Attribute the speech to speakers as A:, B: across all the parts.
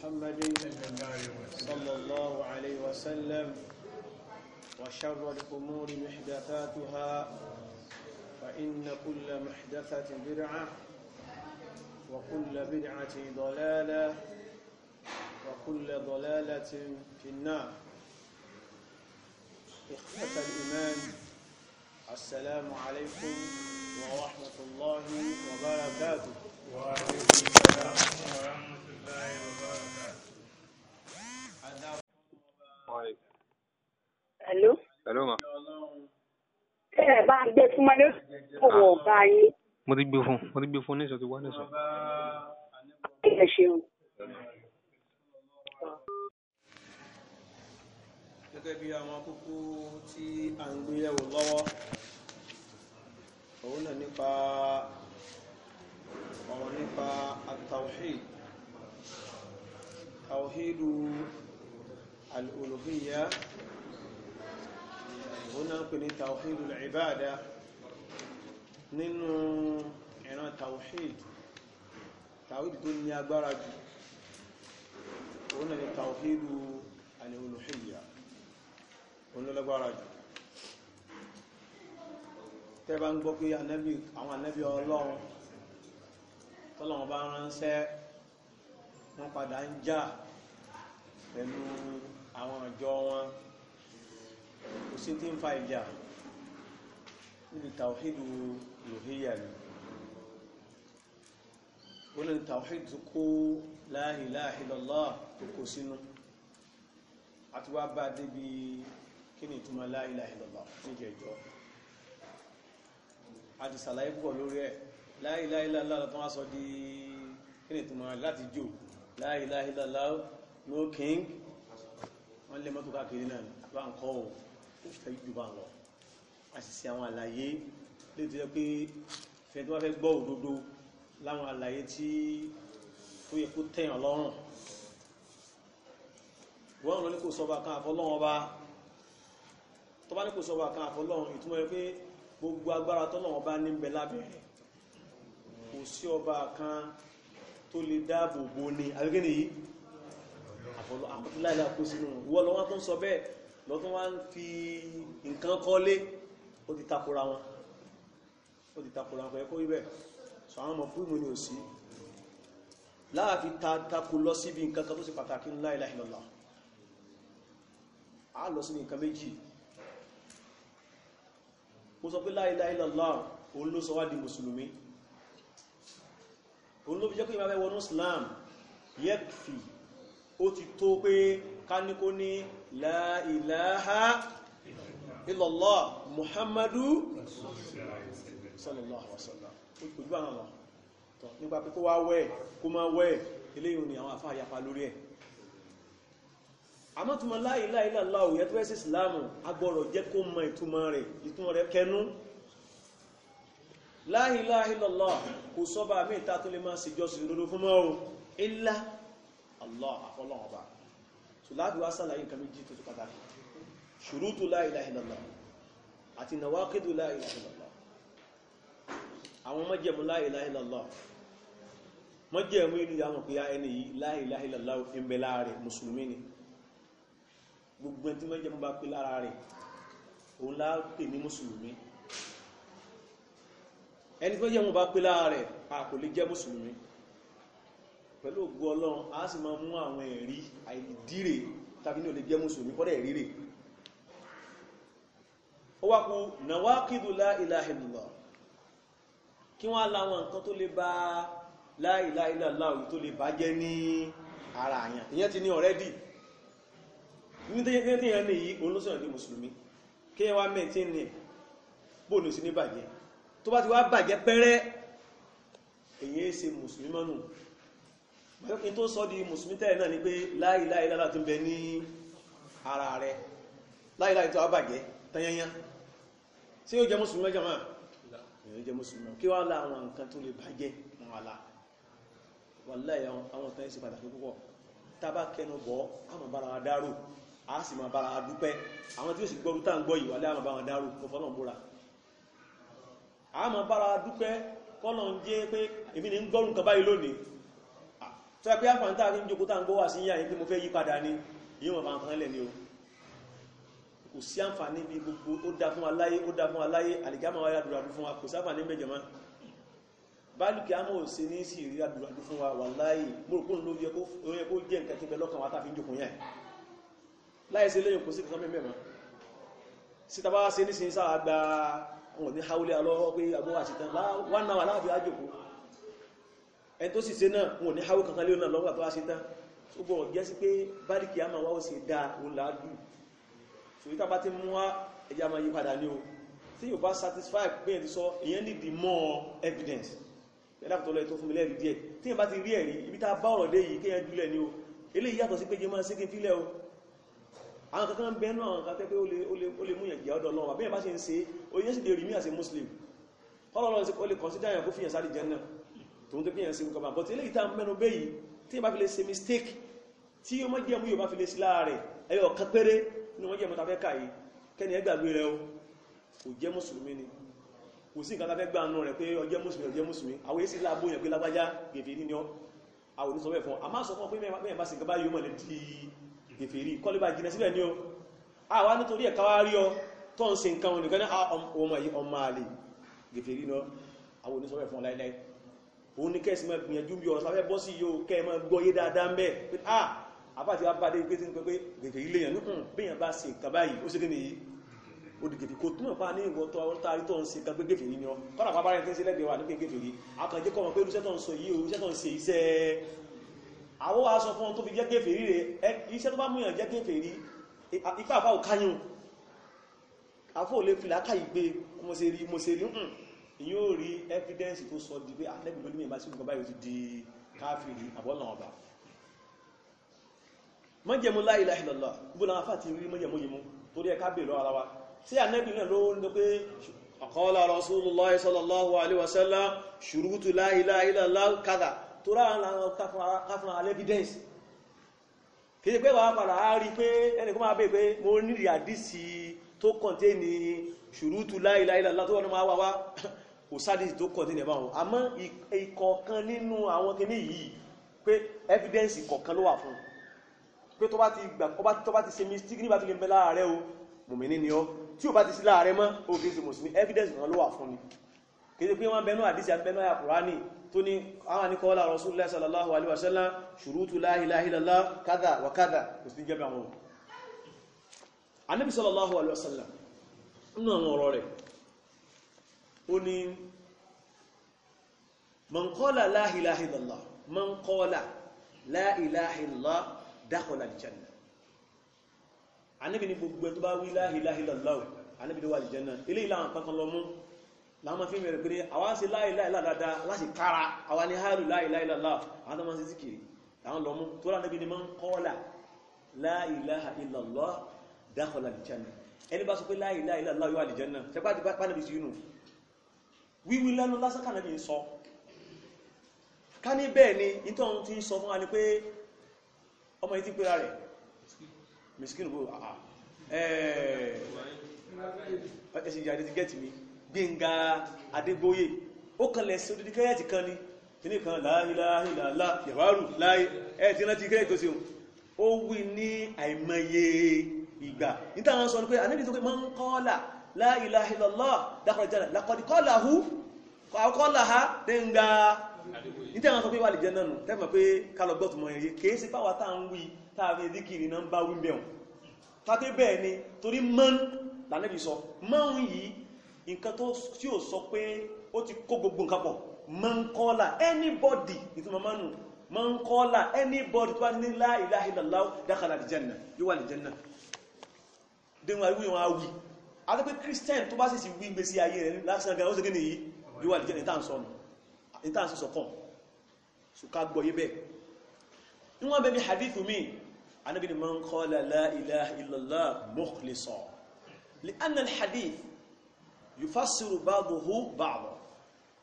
A: محمد صلى الله عليه وسلم وشر الأمور محدثاتها فإن كل محدثة برعة وكل بدعة ضلالة وكل ضلالة في النار اختفى الإيمان السلام عليكم ورحمة الله وبركاته وعليكم السلام ورحمة الله وبركاته Hello. Hello ma.
B: Ẹ ẹ bá gbé fún Mọ́lẹ́ òwò ah. ọ̀gá yín.
A: Mo ti gbé fún mo ti gbé fún nísọ̀ ti wá nísọ̀. Ẹ ṣeun. Gẹ́gẹ́ bí àwọn kókó tí à ń gbé yẹ̀wò lọ́wọ́, òun náà nípa ọ̀rọ̀ nípa at-tawhid. Tawhidu al-uluhiyya òun náà ń pè ní tawhidul ibada nínú ìran tawhid tawhid tó ní agbára jù òun náà ni tawhidu al-uluhiyya òun ló lágbára jù
B: tẹ́ bá ń gbọ́ pé àwọn ànábì ọlọ́run tọ́lọ́wọ́n bá ránṣẹ́ wọ́n padà ń jà pẹ̀lú àwọn ìjọ wọn kò sí tí ń fa ìjà níbi tàwíìdù lòhíyà ni ó lè tàwíìdù tó kó la ilaha illallah tó kó sínú
A: àti wá bá débi kí ni ìtumọ̀ la ilaha illallah níjẹ̀jọ́
B: a ti sàlàyé púpọ̀ lórí ẹ̀ la ilaha illallah tó wá sọ di kí ni ìtumọ̀ láti la ilaha illallah no king wọ́n lè mọ́tò káàkiri náà bá ń kọ́ ohun fẹ́ jù bá lọ a sì ṣe àwọn àlàyé lè tó yẹ pé fẹ́ tó bá fẹ́ gbọ́ òdodo láwọn àlàyé tí ó yẹ kó tẹ̀yàn lọ́rùn wọ́n lọ ní kò sọba kan àfọlọ́run ọba tó bá ní kò sọba kan àfọlọ́run ìtumọ̀ yẹ pé gbogbo agbára tọ́lọ́run bá ní ń bẹ lábẹ́rẹ̀ kò sí ọba kan tó lè dáàbò bo ni àbíkẹ́ nìyí àfọlọ́ àkọsílẹ̀ àkọsílẹ̀ wọ́n lọ tó ń sọ bẹ́ẹ̀ lọ́tún wá ń fi nǹkan kọ́lé ó ti takora wọn ó ti takora wọn ẹ̀kọ́ ibẹ̀ sọ àwọn ọmọ fún ìmúni òsí láàfi tako lọ síbi nǹkan kan tó sì pàtàkì la ilaha illallah a lọ síbi nǹkan méjì mo sọ pé la ilaha illallah òun ló sọ wá di mùsùlùmí òun ló fi jẹ́ pé ìbáfẹ́ la ilaha illallah muhammadu sallallahu alaihi wasallam ojú àwọn ọmọ tọ́ nípa pé kó wá wẹ́ kó má wẹ́ eléyìn ni àwọn àfáà yapa lórí ẹ̀ àmọ́ túnmọ̀ la ilaha illallah òyẹ́ tó ẹ́sì islamu agbọ́rọ̀ jẹ́ kó mọ ìtumọ̀ rẹ̀ ìtumọ̀ rẹ̀ kẹnu la ilaha illallah kò sọ́bà mẹ́ta tó lè máa ṣèjọ́sìn lóró fún mọ́ illa Allah àfọlọ́ọ̀bà so láti wá sàlàyé nǹkan méjì tó tó pàtàkì ṣùrútù la ilaha illallah àti nàwákìdù la ilaha illallah àwọn mọ́jẹ̀mú la ilaha illallah mọ́jẹ̀mú inú ya mọ̀ pé ya ẹni yìí la ilaha illallah ń bẹ láàrẹ̀ mùsùlùmí ni gbogbo ẹni tí mọ́jẹ̀mú bá pẹ̀lú ògbó ọlọ́run a sì máa mú àwọn ẹ̀rí àìdíre tàbí ní olè jẹ́ mùsùlùmí kọ́dẹ̀ ríre ó wá kú nàwákìdù la ilaha illallah kí wọ́n láwọn nǹkan tó lè bá la ilaha illallah tó lè bá jẹ́ ní ara àyàn ìyẹn ti ní ọ̀rẹ́dì ní tẹ́yẹn ní yìí olóṣèlú mùsùlùmí kí wọ́n mẹ́tí ní bóòlù sí ní bàjẹ́ tó bá ti wá bàjẹ́ pẹ́rẹ́ èyí ṣe mùsùlùmí mọ́nù bẹ́ẹ̀kí tó sọ di mùsùlùmí tẹ́lẹ̀ náà ni pé láìláì lára tó bẹ ní ara rẹ̀ láìláì tó àbàjẹ́ tanyanya sí yóò jẹ mùsùlùmí mẹ́jọ máa yóò jẹ mùsùlùmí kí wá lá àwọn nǹkan tó lè bàjẹ́ wọn àlá wàláì àwọn tán sí pàtàkì púpọ̀ tábà kẹnu bọ́ àmọ́ bára wa a sì máa bára wa dúpẹ́ àwọn tí ó sì gbọ́rú tá ń gbọ́ yìí wàláì àmọ́ bára wa dárò kò fọ́nà búra àmọ́ bára wa jẹ́ pé èmi ni ń gbọ́rù nǹkan báyìí lónìí tó ẹgbẹ́ àfàǹtà rí ń jókòó tá ń gbọ́ wà sí yáyé pé mo fẹ́ yí ní yíò wọn fàǹkan lẹ̀ ni o kò sí àǹfààní bí gbogbo ó dá fún aláyé ó dá fún aláyé àlìgámà wáyé àdúràdú fún wa kò sáfà ní mẹ́jọ máa báàlùkì àmọ́ ò sí ní sí ìrí àdúràdú fún wa wà láyé mọ́rùkún ló yẹ kó jẹ́ nǹkan tí bẹ lọ́kàn wa tá fi ń jókòó yẹn láyé sí lẹ́yìn kò sí kankan mẹ́mẹ́ ẹni tó sì ṣe náà wọn ò ní háwó kankan lé náà lọ́gbà tó wá ṣe tán tó gbọ́ jẹ́ sí pé báríkì á máa wá ó ṣe dáa òun là á dù ṣòwò tá a bá ti mú wá ẹja máa yí padà ní o tí yóò bá satisfy pé ẹni sọ ìyẹn need more evidence ẹ̀dàpọ̀ tó lọ ètò fún mi lẹ́rìí díẹ̀ tí yẹn bá ti rí ẹ̀rí ibi tá a bá ọ̀rọ̀ dé yìí kéèyàn dúlẹ̀ muslim kọ́lọ́lọ́ sí ó consider yàn kó fìyàn sáré jẹ́ tòun tó kíyàn sí nǹkan bá bọ́tí ilé ìta mẹ́nu bẹ́ yìí tí yóò bá fi lè ṣe mistake tí yóò mọ́ jẹ́mú yóò bá fi lè sí láàrẹ̀ ẹyọ ọ̀kan péré ní wọ́n jẹ́mú tafẹ́ káyí kẹ́ni ẹgbàgbé rẹ o kò jẹ́ mùsùlùmí ni kò sí nǹkan tafẹ́ gbà nù rẹ̀ pé ọjẹ́ mùsùlùmí ọjẹ́ mùsùlùmí àwọn èsì láàbò yẹn pé lágbájá gèfè ní ọ àwọn onísọ bẹ́ẹ̀ a máa sọ fún pé mẹ́rin bá sì nǹkan bá yóò mọ̀ lè di gèfè rí kọ́lé bá jìnà síbẹ̀ ni ọ àwa nítorí ẹ̀ka wá rí ọ tó ń ṣe nǹkan wọn nìkan ní ah, ọmọ àlè gèfè rí ni òun ní kẹ́sì máa gbìyànjú bí ọ̀sán fẹ́ bọ́ sí yóò kẹ́ ẹ máa gbọ́ yé dáadáa ń bẹ̀ pé ah àbájá wa bàdé pé sínú pé gègé ilé yẹn nùkùn béèyàn bá ṣe nǹkan báyìí ó ṣe kí nìyí ó di gègé kò túmọ̀ pa ní ìwọ tó taari tó ń ṣe kan pé gègé yìí ni ọ kọ́nà bàbá rẹ̀ ti ń ṣe lẹ́gbẹ̀ẹ́ wa ní pé gègé yìí akànjẹ́ kọ́ mọ̀ pé irúṣẹ́ tó ń sọ yìí irúṣẹ́ tó ń ṣe iṣẹ́ àwọn wa sọ fún tó fi jẹ́ gègé rí rẹ̀ iṣẹ́ tó bá mú yàn jẹ́ gègé rí e, ipá àfáwò káyùn àfọ́ ò lè fìlà gbé mo ṣe rí mo ṣe rí èyí ó rí evidence tó sọ di pé alẹ́bí lónìí ìbá sí nǹkan báyìí ti di káfíìrì àbọ́nà ọba mọ́jẹ̀mú la ilaha illallah gbogbo náà fà ti rí mọ́jẹ̀mú yìí mú torí ẹ̀ká bèèrè lọ́wọ́ ara wa sí anẹ́bí náà ló ń pé qala rasulullah sallallahu alaihi wasallam ṣùrùtù la ilaha illallah kádà tó kọ̀ntẹ́ ni ṣùrùtù la tó wọ́n máa wà wá kò sádìsì tó kọ̀ nínú ẹ̀báwọn àmọ́ ìkọ̀ọ̀kan nínú àwọn kìíní yìí pé evidence kọ̀ọ̀kan ló wà fún pé tó bá ti gbà tó bá ti ṣe mistake nígbà tó lè mẹ́ lára rẹ o mùmíní ni ọ tí o bá ti sí lára mọ́ o kìí ṣe mùsùlùmí evidence kan ló wà fún ni kìí pé wọ́n bẹnu àdìsí àti bẹnu àyàkùránì tó ní àwọn àníkọ́lá rasulullah sallallahu alaihi wasallam ṣùrútù la ilaha illallah kádà wà kádà kò sí jẹ́ bẹ̀rún anábì sallallahu alaihi wasallam nínú àwọn ọ̀rọ̀ ó ní mọ̀nkọ́lá láhìláhìlá mọ̀nkọ́lá láhìláhìlá dákọ̀lá àlìjánà anábì ní gbogbo ẹ̀ tó bá wí láhìláhìlá anábì ní wà àlìjánà ilé ìlànà kankan lọ mú láwọn fi mẹ́rin pé àwọn sí láìláìlá dáadáa láti kára àwọn ní hálù láìláìlá àwọn tó wíwí lẹ́nu lásán na lẹ́bí ń sọ ká ní bẹ́ẹ̀ ni ìtọ́ ohun ti sọ fún wa ni pé ọmọ yìí ti pera rẹ̀ bó àà ìyàdé ti gẹ́ẹ̀tì mi Adégbóyè ó sí kan ni kan láàrín la ilaha illallah dákọ̀rọ̀ jẹ́nà lakọ̀díkọ́láhú àkọ́láha dẹ́ngà nítẹ́wọ̀n sọ pé wà lè jẹ́ náà tẹ́mọ̀ pé kálọ̀gbọ́tùmọ̀ ẹ̀yẹ kìí sí pàwà táà ń wí táàrin ìdíkìrì náà ń bá wí bẹ̀rùn tàbí bẹ́ẹ̀ ni torí mọ́n lànẹ́bì sọ mọ́n yìí nǹkan tí ó sọ pé ó ti kó gbogbo nǹkan pọ̀ mọ́n kọ́lá anybody ìtumọ̀ mọ́nù mọ́n kọ́lá anybody tó bá ní la ilaha illallah dákàlà àlìjẹ́nà yóò wà àlìjẹ́nà adẹ́pẹ́ christian tó bá sì sí wí gbèsè ayé rẹ̀ lásán gan ó sì gínì yìí yíwà lè jẹ́ ìtànsí sọ̀kọ̀ ṣùká gbọ́ yí bẹ́ẹ̀ níwọ̀n bẹ́ẹ̀ ni hadithu mi anábi ni man qala la ilaha illallah mukhlisa li anna al-hadith yufassiru ba'dahu ba'dahu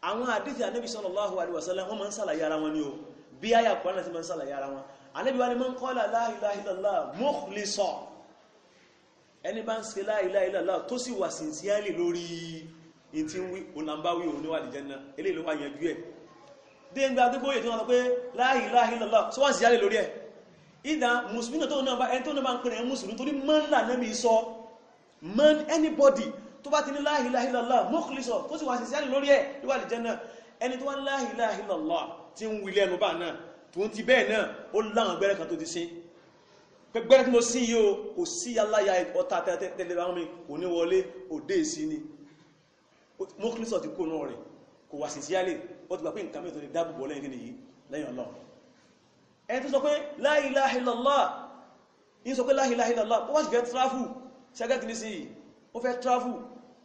B: àwọn hadith anábi sallallahu alaihi wasallam wọ́n máa ń sàlàyé ara wọn ni o bí ayà kọ́nà ti ń sàlàyé ara wọn anábi wa ni man qala la ilaha illallah ẹni bá ń ṣe la ilaha illallah tó sì wà sincerely lórí in tí ń wí onambawi òun níwà lè jẹ́nà eléyìí ló wà yẹn bí ẹ̀ déńgbà adébóyè tí wọ́n sọ pé la ilaha illallah tó wà sincerely lórí ẹ̀ ìdá mùsùlùmí tó náà bá ẹni tó náà bá ń pèrè mùsùlùmí torí mọ́nlá náà mi sọ man anybody tó bá ti ní la ilaha illallah mọ́kùlùsọ tó sì wà sincerely lórí ẹ̀ níwà lè jẹ́nà ẹni tó wá la ilaha illallah tí ń wí lẹ́nu bá náà tó ń ti bẹ́ẹ̀ náà ó láwọn gbẹ́rẹ́ kan tó ti sin gbẹ́gbẹ́rẹ́ tí mo sí yíò kò sí aláya ọta tẹ́lẹ̀lẹ́ àwọn mi kò ní wọlé òdé sí ni mọ́kílísọ̀ ti kó náà rẹ̀ kò wà sí sí alẹ́ ó ti gbà pé nǹkan mẹ́tọ̀ lè dáàbòbò lẹ́yìn kí nìyí lẹ́yìn ọlọ́run ẹni tó sọ pé la ilaha illallah yí sọ pé la ilaha illallah ó wá sì fẹ́ tráfù ṣẹ́gẹ́ kìíní sí ó fẹ́ tráfù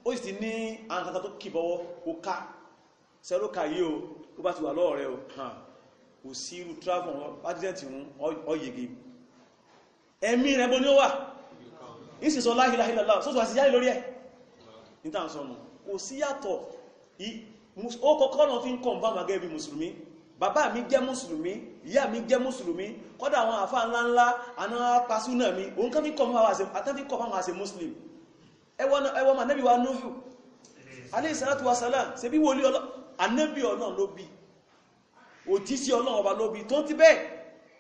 B: ó sì ti ní àǹkàtà tó kì bọ́wọ́ kò ká sẹ́rọ ká yí o ó bá ti wà lọ́ọ̀rẹ́ o kò sí irú tráfù wọn bá ti dẹ̀ tí wọ́n ọ ẹ̀mí rẹ̀ bó ní ó wà ìsìsọ láhìláhìláhìlá sọ́sọ́ àti jáde lórí ẹ̀ nítàǹsọ̀nù kò sí yàtọ̀ ó kọ́kọ́ náà fi ń kọ̀nbá màgẹ́ bí mùsùlùmí bàbá mi jẹ́ mùsùlùmí ìyá mi jẹ́ mi òun kán fi kọ̀nbá wọn àṣẹ mùsùlùmí ẹwọ́n mà nẹ́bí wa núhù alayhi salatu wa salam ṣe bí wòlí anẹ́bí ọlọ́run ló bí òjísí ọlọ́run ọba ló bí tó ti bẹ́ẹ̀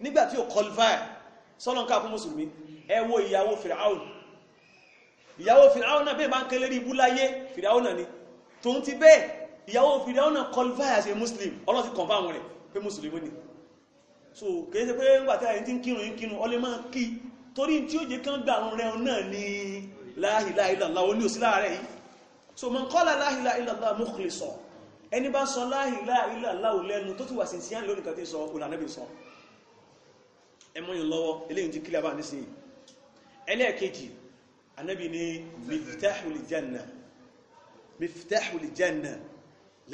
B: nígbà sọ́lọ́n káàkún mùsùlùmí ẹ wo ìyàwó fìràún ìyàwó fìràún náà bẹ́ẹ̀ bá ń kẹlẹ́ rí ibú láyé fìràún náà ni tó ń ti bẹ́ẹ̀ ìyàwó fìràún náà qualify as a muslim ọlọ́sì confam rẹ̀ pé mùsùlùmí ni so kìí ṣe pé ńgbà tí àyíntí ń kírun ń kírun ọlẹ́ máa kí torí tí ó jẹ́ kán gbà àrùn rẹ̀ náà ni la ilaha illallah ó ní òsí láàárẹ̀ yìí so man qala la la ilaha illallah lẹ́nu tó ti wà ẹmọ́yìn lọ́wọ́ eléyìn ti kílẹ̀ bá nísìnyí ẹlẹ́ẹ̀kejì anábì ní miftahul janna miftahul janna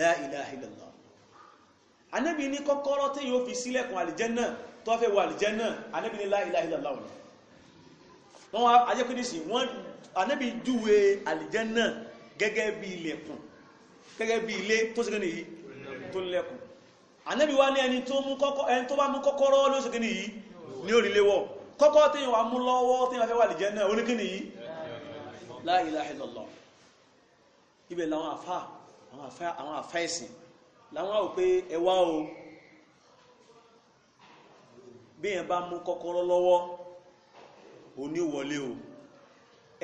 B: la ilaha illallah anábì ní kọ́kọ́rọ́ tí yóò fi sílẹ̀kùn alìjẹ́nà tó fẹ́ wọ alìjẹ́nà anábì ní la ilaha illallah wọn wọ́n wá ajẹ́kùnrin sí wọ́n anábì júwe alìjẹ́nà gẹ́gẹ́ bí ilẹ̀kùn gẹ́gẹ́ bí ilé tó sì ní orílẹ̀-èwọ̀ kọ́kọ́ tí wà mú lọ́wọ́ tí wà fẹ́ wà lè jẹ́ náà oníkíní yìí la ilaha illallah ibẹ̀ làwọn àfá àwọn àfá ẹ̀sìn làwọn àwò pé ẹwà o bí yẹn bá mú kọ́kọ́rọ́ lọ́wọ́ òní wọlé o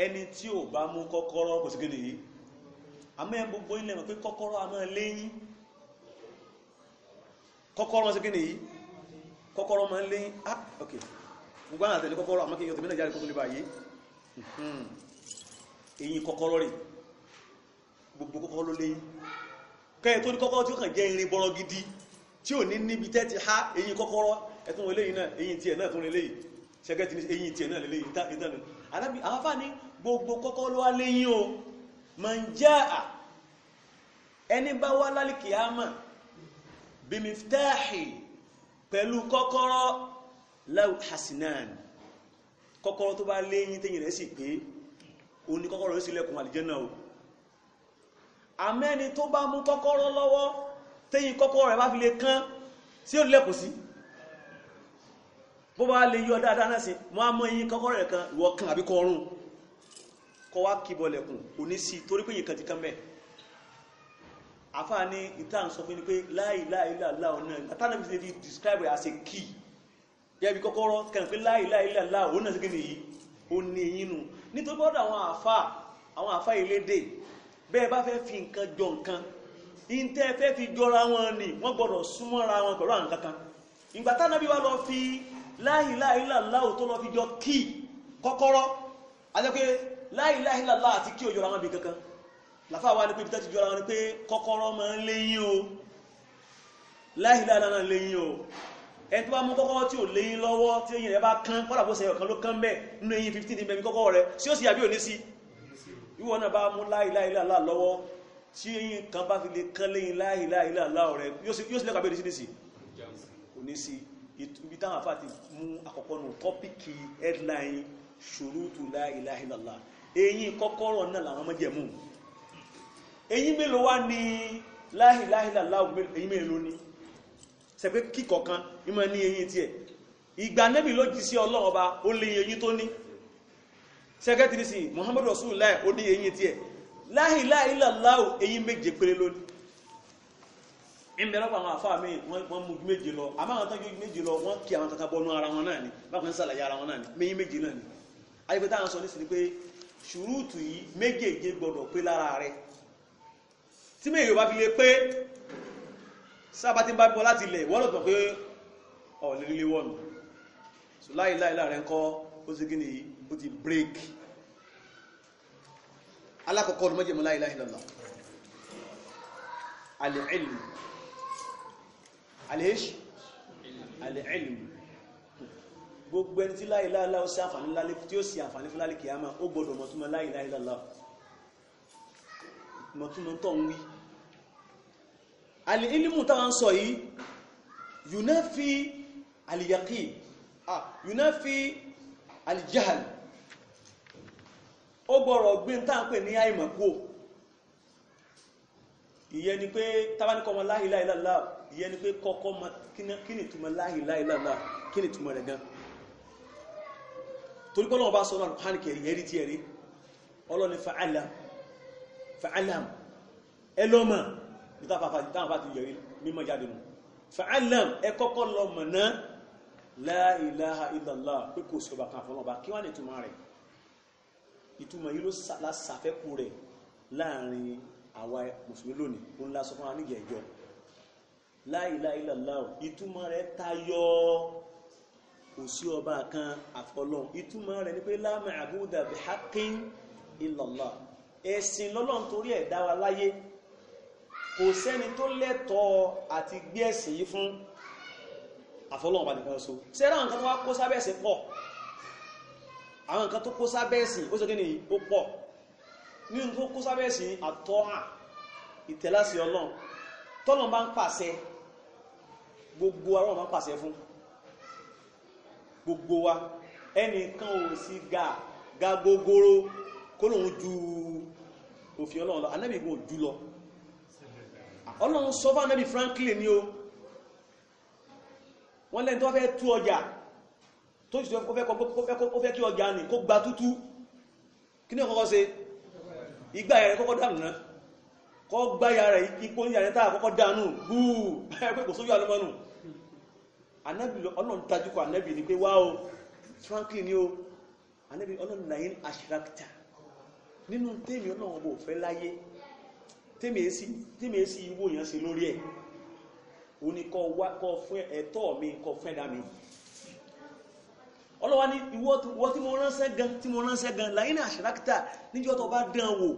B: ẹni tí ò bá mú kọ́kọ́rọ́ kò sí kíní yìí àmọ́ ẹ gbogbo ilẹ̀ mọ̀ pé kọ́kọ́rọ́ àmọ́ lẹ́yìn kọ́kọ́rọ́ sí kíní yìí kọ́kọ́rọ́ máa ń lé ah ok gbogbo àwọn àtẹ̀lé kọ́kọ́rọ́ àmọ́ kí yọ tèmi náà jáde kó tó lè báyé èyí hmm. kọ́kọ́rọ́ rẹ̀ gbogbo kọ́kọ́rọ́ ló lé kẹ́yẹ tó ní kọ́kọ́rọ́ tí ó kàn jẹ́ irin bọ́rọ̀ gidi tí ò ní níbi tẹ́ ti há èyí kọ́kọ́rọ́ ẹtún eléyìí náà èyí tiẹ̀ náà tún eléyìí ṣẹ́gẹ́ ti ní èyí tiẹ̀ náà lélẹ́yìí ìtànà alábi àwọn afáàní gbogbo kọ́kọ́rọ́ wá léyìn o máa ń jẹ́ à ẹni pẹ̀lú kọ́kọ́rọ́ láwù hasinan kọ́kọ́rọ́ tó bá léyìn tẹ́yìn rẹ̀ sì pé o ní kọ́kọ́rọ́ sí lẹ́kùn àlìjẹ́nà o àmẹ́ni tó bá mú kọ́kọ́rọ́ lọ́wọ́ tẹ́yìn kọ́kọ́rọ́ rẹ̀ bá fi lè kán sí ò lẹ́kùn sí bó bá lè yọ dáadáa náà sí wọ́n á mọ́ eyín kọ́kọ́rọ́ rẹ̀ kan ìwọ̀ kan àbí kọrùn kọ́ wá kíbọlẹ̀kùn òní sí torí pé àfáà ní ìtàn sọ fún ni pé láìláìláà ọ̀nà àtànàbí ṣe fi describe as a key yẹ́bi kọ́kọ́rọ́ kẹ́rin pé láìláìláà ọ̀nà sí kíni yìí ó ní eyín nu nítorí bọ́dọ̀ àwọn àfáà àwọn àfáà ilédè bẹ́ẹ̀ bá fẹ́ fi nǹkan jọ nǹkan ìntẹ́ fẹ́ fi jọra wọn ni wọ́n gbọ́dọ̀ súnmọ́ra wọn pẹ̀lú àwọn kankan ìgbà tànàbí wa lọ fi láìláìláà tó lọ fi jọ key kọ́kọ́rọ́ àti pé láìláìláà àti kí òjọra wọn bí kankan làfà wá ní pé ibi tó ti jọra wọn ni pé kọ́kọ́rọ́ máa ń léyìn o láìláà náà léyìn o ẹni tó bá mú kọ́kọ́rọ́ tí ò léyìn lọ́wọ́ tí eyín rẹ̀ bá kán kọ́dà bó ṣe ọ̀kan ló kán bẹ́ẹ̀ nínú eyín 15 ní bẹ̀mí kọ́kọ́rọ́ sí ó sì yàbí òní sí ìwọ náà bá mú láìláìláà lọ́wọ́ tí eyín kan bá fi lè kán léyìn láìláìláà rẹ̀ yóò sì lẹ́kọ̀ọ́ abẹ́rẹ́ sí nìsí òní sí ibi táwọn àfáà ti mú àkọ́kọ́ nù tọ́pìkì headline eyín mélòó wá ní láhìláhìláhù eyín mélòó ní sẹ́pẹ́ kíkọ̀ kan ìmọ̀ ní eyín tí ẹ̀ ìgbà nẹ́bì ló jí sí ọlọ́run ọba ó lé eyín tó ní sẹ́kẹ́tìrì sí muhammadu rasulullah ó ní eyín tí ẹ̀ láhìláhìláhù eyín méje péré lónìí ìmẹ́lọ́pọ̀ àwọn àfáà mi wọ́n mú méje lọ àmọ́ àwọn tọ́jú méje lọ wọ́n kí àwọn kankan bọ́nú ara wọn náà ni bákan ń sàlàyé ara tí mẹ́rin yóò bá fi lè pé sábà tí ń bá bọ́ láti ilẹ̀ wọ́n lọ́tọ̀ pé ọ̀lẹ́ lílé wọ́nù so láìláìlá rẹ̀ ń kọ́ ó sì gíní ó ti break alákọ̀ọ́kọ́ ọdún mọ́jẹ̀mọ́ láìláìlá al-ilm al-ish al-ilm gbogbo ẹni tí láìláìlá ó sí àǹfààní lálé tí ó sì àǹfààní fún lálé kìí alìlímù táwọn sọ yìí yunafi alìyàkí ah yunafi alìjáhàl ó gbọ́rọ̀ gbín táàpẹ̀ ní àìmọ̀kó ìyẹn ni pé tábánikọ́ mọ́ láhìláìláà ìyẹn ni pé kọ́kọ́ mọ́ kí ni túnmọ̀ láhìláìláà kí ni túnmọ̀ rẹ̀ gan torí pé Ọlọ́run bá sọ náà hàn kẹrì ẹ̀rí tí ẹ̀rí Ọlọ́run fa'alam fa'alam ẹlọ́mọ̀ táwọn bá ti yọrí mímọ̀ jáde nù fa'alam ẹ kọ́kọ́ lọ mọ̀ náà la ilaha illallah pé kò sí ọba kan àfọlọ́ba kí wá ní ìtumọ̀ rẹ̀ ìtumọ̀ yìí ló sàfẹ́kù rẹ̀ láàrin àwa mùsùlùmí lónìí lásọ fún wa nígbà ẹjọ́ la rẹ̀ kò sẹ́ni tó lẹ́tọ̀ọ́ àti gbé ẹ̀sìn yìí fún àfọlọ́wọ́n balẹ̀ kan so sẹ́rà nǹkan tó wá kó sábẹ́ ẹ̀sìn pọ̀ àwọn nǹkan tó kó sábẹ́ ẹ̀sìn ó sọ́kẹ́ nìyí ó pọ̀ nínú tó kó sábẹ́ ẹ̀sìn àtọ́hà ìtẹ̀láṣẹ ọlọ́run tọ́lọ̀ bá ń pàṣẹ gbogbo wa lọ́run bá ń pàṣẹ fún gbogbo wa ẹnìkan ò sí ga ga gogoro kó lòun ju òfin ọlọ́run lọ anábìgbọ̀n jù lọ ọlọ́run sọ fún anábì franklin ni o wọ́n lẹ́ni tó fẹ́ tú ọjà tó jù tó fẹ́ kí ọjà ní kó gba tútú kí ní ọkọ́kọ́ ṣe igbá ẹ̀rẹ́ kọ́kọ́ dànù náà kọ́ gbá ya rẹ̀ ipò ní àrẹ́ta àkọ́kọ́ dànù búù ẹgbẹ́ kò sójú alọ́mọ́nù anábì ọlọ́run tajúkọ anábì ni pé wá o franklin ni o anábì ọlọ́run nàín àṣírákítà nínú tèmi ọlọ́run ọbọ̀ òfẹ́ láyé tí mi sí ìwò yẹn sí lórí ẹ̀ o ní kọ fún ẹ̀tọ́ mi kọ fún ẹ̀dá mi ọlọ́wà ní ìwọ tí mo ránṣẹ́ gan tí mo ránṣẹ́ gan láyínà àṣírákítà níjọ́ tó bá dán wò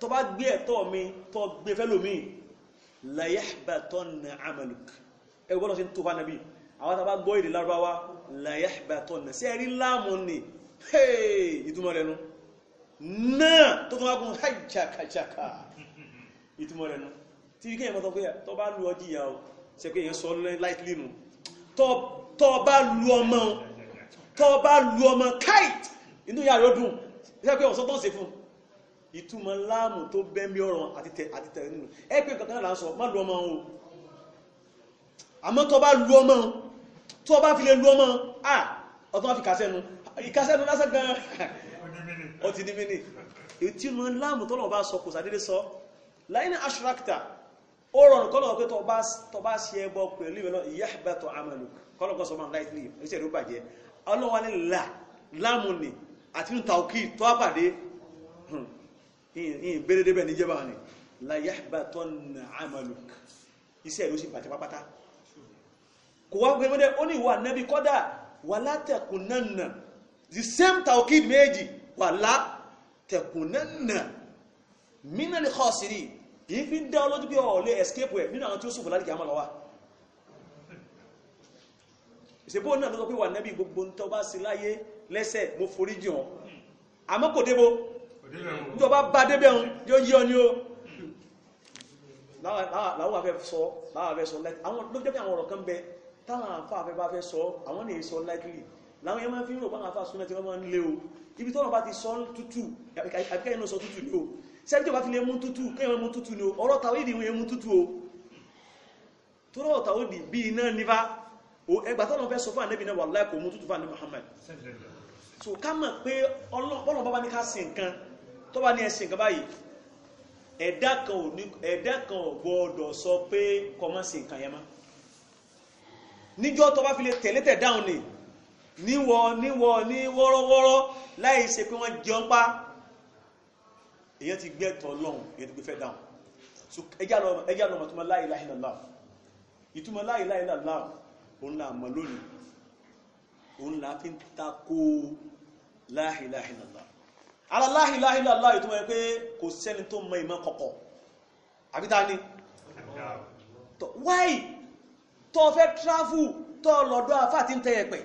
B: tó bá gbé ẹ̀tọ́ mi tó gbé fẹ́lòmí layahbatanna amaluk ẹgbọ́n ṣe ń tó bá nàbí àwọn tàbá gbọ́ èdè lárúbáwá layahbatanna sí ẹ̀rí láàmù ní ìtumọ̀ rẹ̀ nù náà tó tún wá kún hajjakajaka ìtumọ̀ rẹ̀ nù tí kí èyàn mọ́ tọ́kọ́ yà tọ́ bá lu ọjí ìyà o ṣe pé èyàn sọ láìlì nù tọ́ bá lu ọmọ tọ́ bá lu ọmọ kite inú yà rẹ̀ dùn ṣe pé ọ̀sán tán ṣe fún ìtumọ̀ láàmù tó bẹ́mí ọ̀rọ̀ àti tẹ̀ nínú ẹ pé kankan là ń sọ má lu ọmọ o àmọ́ tọ́ bá lu ọmọ tọ́ bá fi lè lu ọmọ ah ọ̀tọ́ fi kàṣẹ́nu ìkàṣẹ́nu lásán ó ti ní mínì ètí mọ́ láàmù tọ́lọ̀ bá sọ kò sàdédé sọ láìní ashrakta ó rọrùn kọ́lọ̀ pé tọ́ bá ṣe ẹbọ pẹ̀lú ìwẹ̀lọ́ ìyáhbẹ̀tọ̀ amalu kọ́lọ̀ kọ́ sọ máa láìsí iṣẹ́ ìlú bàjẹ́ ọlọ́wà ní là láàmù ni àti ní tàókì tó á pàdé hmm. ìyìn bérédé bẹ́ẹ̀ níjẹ́bà ni láyáhbẹ̀tọ̀ amalu iṣẹ́ ìlú sì bàjẹ́ pápátá kò wá gbẹmọdé ó ní ìwà nẹ́bí kọ́dà wà látẹ̀kùn náà the same tàókì méjì wàlá tẹ̀kùnẹ́nà mínà ní kọ́sìrì yìí fi ń dá ọlọ́jú bí ọ̀ọ̀lẹ́ escape ẹ̀ nínú àwọn tí ó sùfò láti àmàlọ́wà ìṣẹ́bó náà lọ́sọ pé wà nẹ́bí gbogbo ń tọ́ bá sí láyé lẹ́sẹ̀ mo forí jì ọ́n àmọ́ kò débò nítorí bá débẹ̀ ọ́n yóò yí ọ ní o láwọn afẹ́ sọ láwọn afẹ́ sọ láìpẹ́ àwọn lójọ́ bí àwọn ọ̀rọ̀ kan bẹ táwọn afẹ́ bá fẹ́ sọ àwọn láwọn yẹn máa fi ń rò báwọn afáàsúná tí wọ́n máa ń lé o ibi tọ́rọ bá ti sọ tútù àbíkẹ́yìn náà sọ tútù ní o sẹ́bí tí ó bá fi lè mú tútù kéèyàn mú tútù ní o ọ̀rọ̀ tàwí ìdí wọn mú tútù o tọ́rọ̀ tàwí ìdí bí iná nífà ẹgbà tọ́lọ̀ fẹ́ sọ fún ànẹ́bì náà wallahi kò mú tútù fún ànẹ́bì Muhammad so ká mọ̀ pé ọlọ́run bá bá ní ká sí nǹkan tó bá ní ẹ sí nǹkan báyìí ẹ̀dá kan ò gbọ́dọ̀ sọ pé kò má sí nǹkan yẹn mọ́ níjọ́ tó bá fi lè tẹ̀lé tẹ̀ dáhùn ni níwọ níwọ ní wọ́rọ́wọ́rọ́ láì ṣe pé wọ́n jẹun pa èyàn ti gbẹ́tọ̀ lọ́hùn èyàn ti gbé fẹ́ dáhùn so ẹjá lọ́mọ túnmọ̀ la ilaha illallah ìtumọ̀ la ilaha illallah òun là mọ̀ lónìí òun pé kò sẹ́ni tó mọ ìmọ̀ kọ̀kọ̀ àbí fẹ́ travel tó lọ́dọ̀ àfà tí ń tẹ́yẹ̀ pẹ̀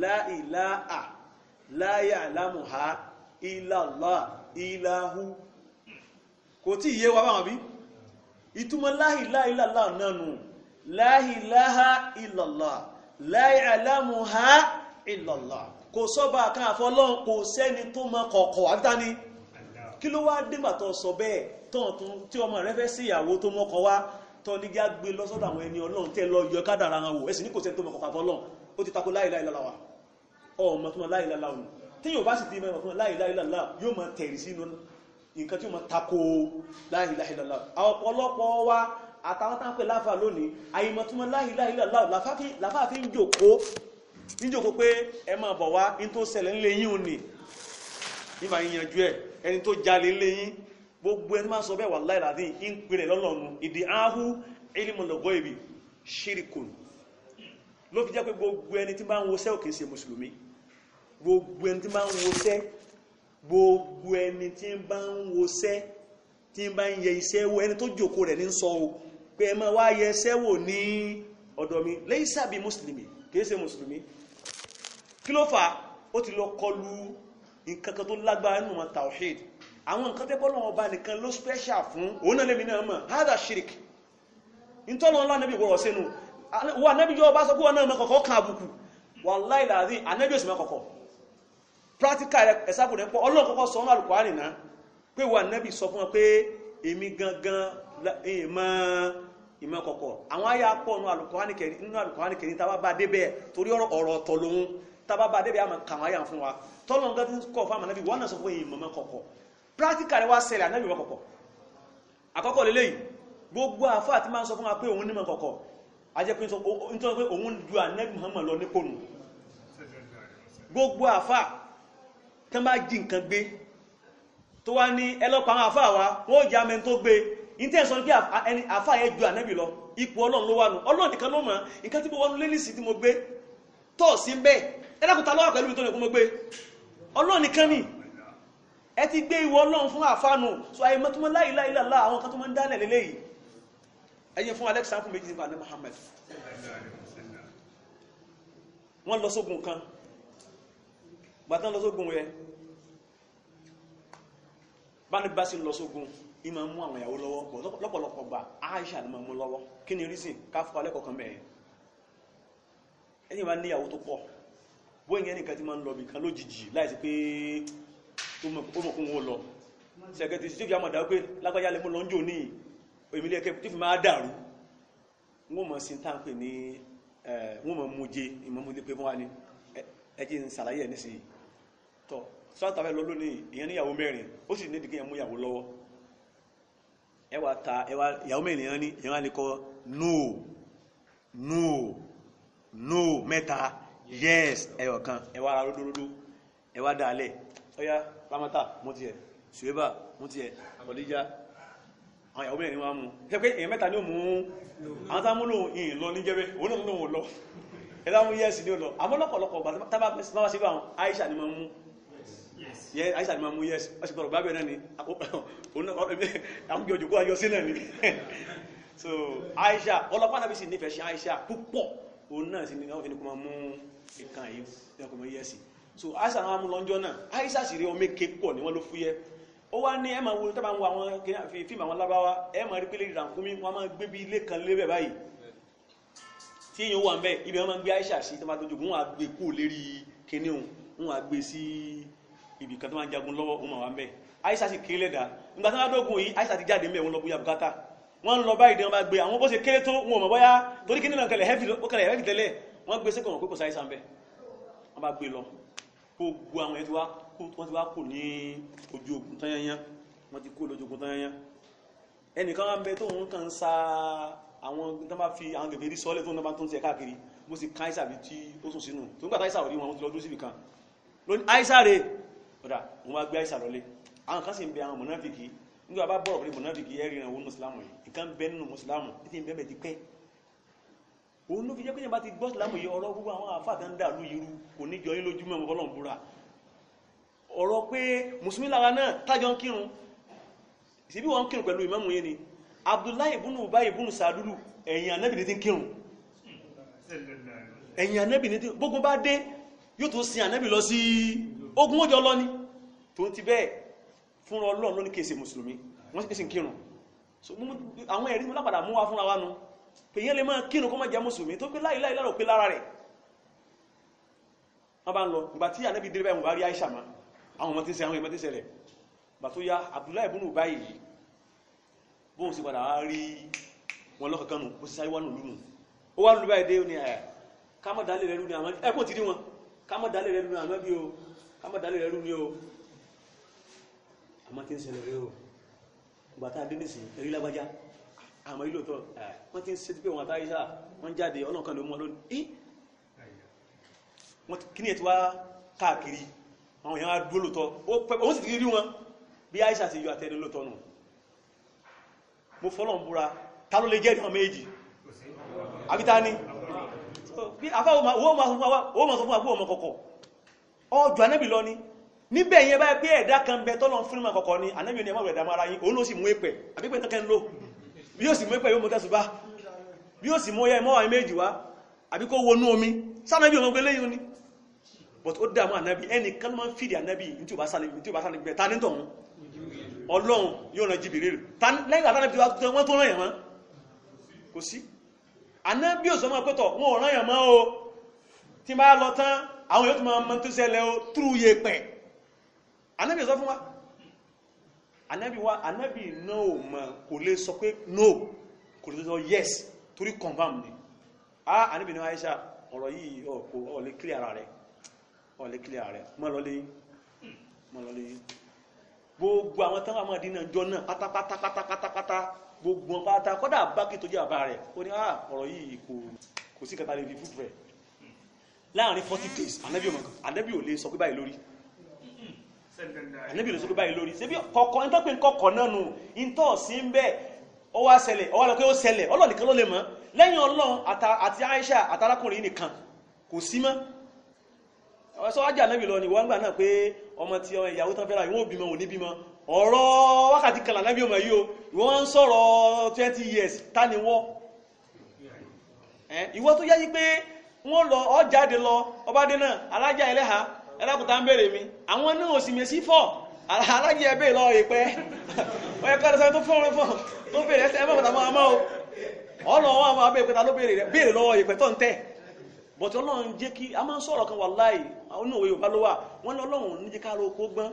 B: láìláà láyà lámùhá ìlàlá ìlàhú kò tí ìyé wa báwọn bí ìtumọ̀ láìláà ìlàlá náà nù láìláà ìlàlá láyà lámùhá ìlàlá kò sọ́bà kan àfọlọ́n kò sẹ́ni tó mọ kọ̀ọ̀kọ̀ àbítání kí ló wá dé màtọ̀ sọ bẹ́ẹ̀ tọ́ọ̀tún tí ọmọ rẹ fẹ́ sí ìyàwó tó mọ́kọ wá tọ́ ní gbé lọ́sọ́dọ̀ àwọn ẹni ọlọ́run tẹ́ lọ yọ kádàrà wọn wò ẹ̀sìn ní kò sẹ́ni tó mọ àfọlọ́n ó ti tako láìláìláwà ọmọ tó mọ láìláìláwà tí yóò bá sì ti mẹ́wọ̀n fún láìláìláwà yóò mọ tẹ̀rì sínú nǹkan tí ó mọ tako láìláìláwà ọ̀pọ̀lọpọ̀ wa àtàwọn tá ń pè láfà lónìí àyìmọ̀ tó mọ láìláìláwà láfà fi ń jòkó ń jòkó pé ẹ máa bọ̀ wá ní tó ṣẹlẹ̀ ńlẹ̀ yín ò ní nígbà yíyanjú ẹ ẹni tó jalè ńlẹ̀ yín gbogbo ẹni máa sọ bẹ́ẹ̀ wà láìláàdín ń pèrè lọ́lọ́run ló fi jẹ́ pé gbogbo ẹni tí bá ń wọṣẹ́ òkè ṣe mùsùlùmí gbogbo ẹni tí bá ń wọṣẹ́ gbogbo ẹni tí bá ń wọṣẹ́ tí bá ń yẹ iṣẹ́ wo ẹni tó jòkó rẹ̀ ní sọ o pé ẹ máa wá yẹ iṣẹ́ wò ní ọ̀dọ̀ lẹ́yìn sábì mùsùlùmí kìí ṣe mùsùlùmí kí ló fà ó ti lọ kọlu nǹkan kan tó lágbára nínú wọn tawhid àwọn nǹkan tẹ́ bọ́lọ́ ọba nìkan ló special fún òun náà lèmi náà mọ̀ hádà shirik ntọ́lọ́ ńlá níbi ìwọ̀rọ̀ sínú Ah, wọ anábíjọ́ bá sọ pé wọn náà mẹ́kọ̀ọ́kọ́ kan àbùkù wallahi láàrin anábíjọ́ sì mẹ́kọ̀ọ́kọ́ practical example rẹ̀ pọ̀ ọlọ́run kọ́kọ́ sọ ọ́nà àlùkò àrìnà pé wọ anábì sọ fún wọn pé èmi gangan ìmọ̀ ìmọ̀ kọ̀kọ̀ àwọn ayé apọ̀ nínú àlùkò àrìnkẹ̀rin tá a bá bá débẹ̀ torí ọ̀rọ̀ ọ̀tọ̀ lòun tá a bá bá débẹ̀ àmọ̀ wa tọ́lọ́n gẹ́gẹ́ kọ̀ fún àmàlẹ́bí wọ́n náà sọ fún ìmọ̀ kọ̀kọ̀ practical kọ̀kọ̀ ajẹ́pín sọ nítorí pé òun ju anẹ́bì Muhammad lọ nípò nù gbogbo àfà tó bá jí nǹkan gbé tó wá ní ẹlọ́pàá àwọn àfà wa wọ́n ò jẹ́ amẹ́ tó gbé intention ní pé àfà yẹn ju anẹ́bì lọ ipò ọlọ́run ló wà nù ọlọ́run nìkan ló mọ̀ nǹkan tí mo wọ́n lé nìsí tí mo gbé tọ́ sí bẹ́ẹ̀ ẹlẹ́kùnta lọ́wọ́ pẹ̀lú ìtọ́nà ìkún mo gbé ọlọ́run nìkan ni ẹ ti gbé ìwọ ọlọ́run fún àfà nù so àyè mọ́túnmọ́ láìláìlá àwọn ẹyẹ fún alexa fún méjì nípa ní Muhammad wọ́n lọ sógun kan gbàtán lọ sógun yẹ bánibá sí lọ sógun ìmọ̀ mú àwọn ìyàwó lọ́wọ́ pọ̀ lọ́pọ̀lọpọ̀ gbà Aisha ni mọ̀ mú lọ́wọ́ kí ni rísìn káfọ́ alẹ́kọ̀ọ́ kan bẹ̀yẹn ẹni ma níyàwó tó pọ̀ bó ìyẹn nìkan ti ma ń lọ bìkan lójijì láìsí pé ó mọ̀kún wọn lọ sẹ̀kẹ̀tì sí kí a mọ̀ dá pé lágbájá lè mú lọ́njọ́ níyì ìmìlẹ̀ executive máa dàrú wọ́n mọ̀ sí táǹpì ní wọ́n mọ̀ mú jẹ ìmọ̀múlé pé wọ́n wá ní ẹjẹ́ ń sàlàyé ẹ̀ nísìnyí tọ́ sọ́tàfẹ́ lọ lónìí ìyẹn níyàwó mẹ́rin ó sì nídìí kéèyàn ìyàwó lọ́wọ́ ẹ ta ẹ wà ìyàwó mẹ́rin yẹn ní ìyẹn wà kọ́ no no no mẹ́ta yes ẹyọ kan ẹ wà ara lódódó ẹ wà dàálẹ̀ ọ̀yá ramata mo tiẹ̀ suweba mo tiẹ̀ kọ̀líjà àwọn ìyàwó mẹ́rin wá mú ṣe pé èyàn mẹ́ta ní òmú àwọn támúlò ìyìn ní jẹ́bẹ́ òun lọ Aisha ni máa mú Aisha ni wọ́n sì gbọ́dọ̀ so Aisha ọlọ́pàá náà sì nífẹ̀ẹ́ Aisha púpọ̀ òun náà sì ní wọ́n fi ní kó Aisha náà mú lọ́njọ́ náà Aisha ó wá ní ẹ máa wo tábà ń wo àwọn fíìmù àwọn lábáwá ẹ máa rí pélé ìrànkúmí wọn máa gbé bí ilé kan lébẹ̀ báyìí tí èèyàn wà ń bẹ̀ ibi wọn máa gbé Aisha sí tó máa tó jogun wọn á gbé kú lérí kíní òun wọn á gbé sí ibì kan tó máa jagun lọ́wọ́ òun máa wà ń bẹ̀ Aisha sì kéré lẹ́dàá nígbà tí wọn dógun yìí Aisha ti jáde ń bẹ̀ wọn lọ bóyá bùkátà wọn lọ báyìí dé wọn bá gbé àwọn bó ṣe kéré tó wọn ò mọ̀ bóyá torí kíní náà kẹlẹ̀ hẹ́fì tẹ́lẹ̀ wọn gbé sẹ́kọ̀ọ́ pé kò sáyé sàn bẹ́ẹ̀ wọn bá gbé lọ gbogbo wọ́n ti wá kù ní ojú ogun tán yányán wọ́n ti kú lójú ogun tán yányán ẹnìkan wá ń bẹ tóun kàn ń sa àwọn tó bá fi àwọn gègé rí sọ́ọ́lẹ̀ tóun náà bá tó ń ṣe káàkiri mo sì kan àìsà bí tí ó sùn sínú tó ń gbà táìsà òrí wọn mo ti lọ dúró síbi kan lónìí àìsà rè ọ̀dà wọn wá gbé àìsà lọlé àwọn kan sì ń bẹ àwọn mọ̀nàfìkì nígbà bá bọ̀rọ̀ pé mọ̀nàfìkì ẹ̀rí ìrànwọ́ nù sílámù yìí nǹkan bẹ nínú mùsùlámù títí ń bẹ́ẹ̀ ti pẹ́ òun ló fi jẹ́ pé yẹn bá ti gbọ́ sílámù yìí ọ̀rọ̀ gbogbo àwọn àfàdán dàlú yìí rú kò ọ̀rọ̀ pé mùsùlùmí lára náà tájọ ń kírun ìsìbí wọn ń kírun pẹ̀lú ìmámù yẹn ni abdullahi ibùnú bá ibùnú sàdúlù ẹ̀yìn anẹ́bìnrin ti ń kírun ẹ̀yìn anẹ́bìnrin ti gbogbo bá dé yóò tó sin anẹ́bì lọ sí ogun ó lọ ni tó ti bẹ́ẹ̀ fúnra ọlọ́run ló ní kèsè mùsùlùmí wọ́n sì kèsè ń kírun àwọn ẹ̀rí mú lápàdà mú wá fúnra wa nu pé yẹn lè máa kírun kó má jẹ́ mùsùlùmí tó pé láìláìlá pé lára rẹ̀ wọ́n bá ń lọ ìgbà tí anẹ́bì dé báyìí bá rí Aisha àwọn ọmọ tí ń ṣe àwọn ìmọ̀ tí ń ṣẹlẹ̀ bà tó yá Abdullahi ibn Ubay yìí bóun sì padà wá rí wọn lọ́kọ̀ọ́kan nù bó sì sáré wà nù lùnù ó wá lù báyìí dé ní ẹ̀ ká má dálé rẹ̀ lù ní àmọ́ ẹ̀kọ́ ti rí wọn ká má dálé rẹ̀ lù ní àmọ́ bí o ká má dálé rẹ̀ lù ní o àmọ́ tí ń ṣẹlẹ̀ rí o ìgbà tá a dé nísìnyí erí lágbájá àmọ́ ilé òtọ́ wọ́n ti ń ṣe pé wọn àtàrí sáà wọ́n jáde ọlọ́kan ló mú lónìí kí ni ẹ̀ ti wá káàkiri àwọn èèyàn á dúró lóòótọ́ ó pẹ́ òun sì ti rí wọn bí Aisha ti yọ àtẹni lóòótọ́ nù mo fọ́lọ̀ búra ta ló lè jẹ́ ìdíwọ̀n méjì àbíta ni owó ma sọ fún agbóhùn ọmọkọ̀kọ̀ ọjọ́ anẹ́bì lọ ni níbẹ̀ yẹn báyẹ̀ pé ẹ̀dá kan bẹ tọ́lọ̀ fún ọmọkọ̀kọ̀ ni anẹ́bì ni ẹmọ́ rẹ̀ dámọ́ ara yìí òun ló sì mú ẹ̀pẹ̀ àbípẹ̀ tán kẹ́ńlò bí yóò sì mú ẹ̀pẹ̀ yóò mú tẹ́sùbá bí yóò sì mú ọyá ẹmọ́ wa méjì wá àbíkó wọnú omi sánàbí ọmọ gbẹlẹ́yìn ni but ó dààmú ànábì ẹnìkan ló máa ń fìdí ànábì ntí o bá sálẹ̀ ntí o bá sálẹ̀ gbẹ ta ní tọ̀hún ọlọ́run yóò ràn jìbìrì rẹ̀ ta lẹ́yìn àtàlẹ́ bí wọ́n tó ràn yàn mọ́ kò sí ànábì ò sọ máa pẹ́tọ̀ wọn ò ràn yàn mọ́ o tí bá lọ tán àwọn yóò tún máa mọ tó ṣẹlẹ̀ o túrú yẹ pẹ̀ ànábì ò sọ fún wa ànábì wa ànábì náà ò mọ̀ kò lè sọ pé no kò lè sọ yes torí confam ni ah ànábì náà Aisha ọ̀rọ̀ yìí ọ̀ lè kílẹ̀ ara rẹ̀ ọ̀lẹ́kílẹ̀ ààrẹ mọ́lọ́lé mọ́lọ́lé gbogbo àwọn táwọn àmọ́ àdínà jọ náà pátápátápátápátá gbogbo pátá kọ́dà bákì tó jẹ́ àbá rẹ̀ ó ní à ah, ọ̀rọ̀ yìí kò kò sí kẹta lè fi fúdù rẹ̀ láàrin forty days ànábì ò mọ̀kàn ànábì ò lè sọ pé báyìí lórí ànábì ò lè sọ pé báyìí lórí ṣebí kọ̀kọ́ ní tọ́pẹ́ kọ̀kọ́ náà nù ní tọ́ sí ń bẹ́ẹ̀ ó wá ṣẹlẹ̀ ó wá lọ pé ó ṣẹlẹ̀ ọlọ́ọ̀nìkan ló lè mọ̀ lẹ́yìn ọlọ́run àti Aisha àtàrákùnrin nìkan kò sí mọ́ ọ̀sọ́ ajá náà lọ ni wọ́n gbà náà pé ọmọ tí ọmọ ìyàwó tán fẹ́ra ìwọ́n òbímọ ni ọ̀rọ̀ wákàtí kan lànà ọmọ o ìwọ́n ń sọ̀rọ̀ twenty years ta ni wọ́ ìwọ tó yáyí pé wọ́n lọ ọjáde lọ ọbádé náà alájá ẹlẹ́ha ń mi àwọn náà sì fọ́ lọ ìpẹ́ bọ̀tí ọlọ́run jẹ́ kí a máa ń sọ̀rọ̀ kan wà láì onú òwe yorùbá ló wà wọ́n lọ́lọ́run ní jẹ́ káàrò okó gbọ́n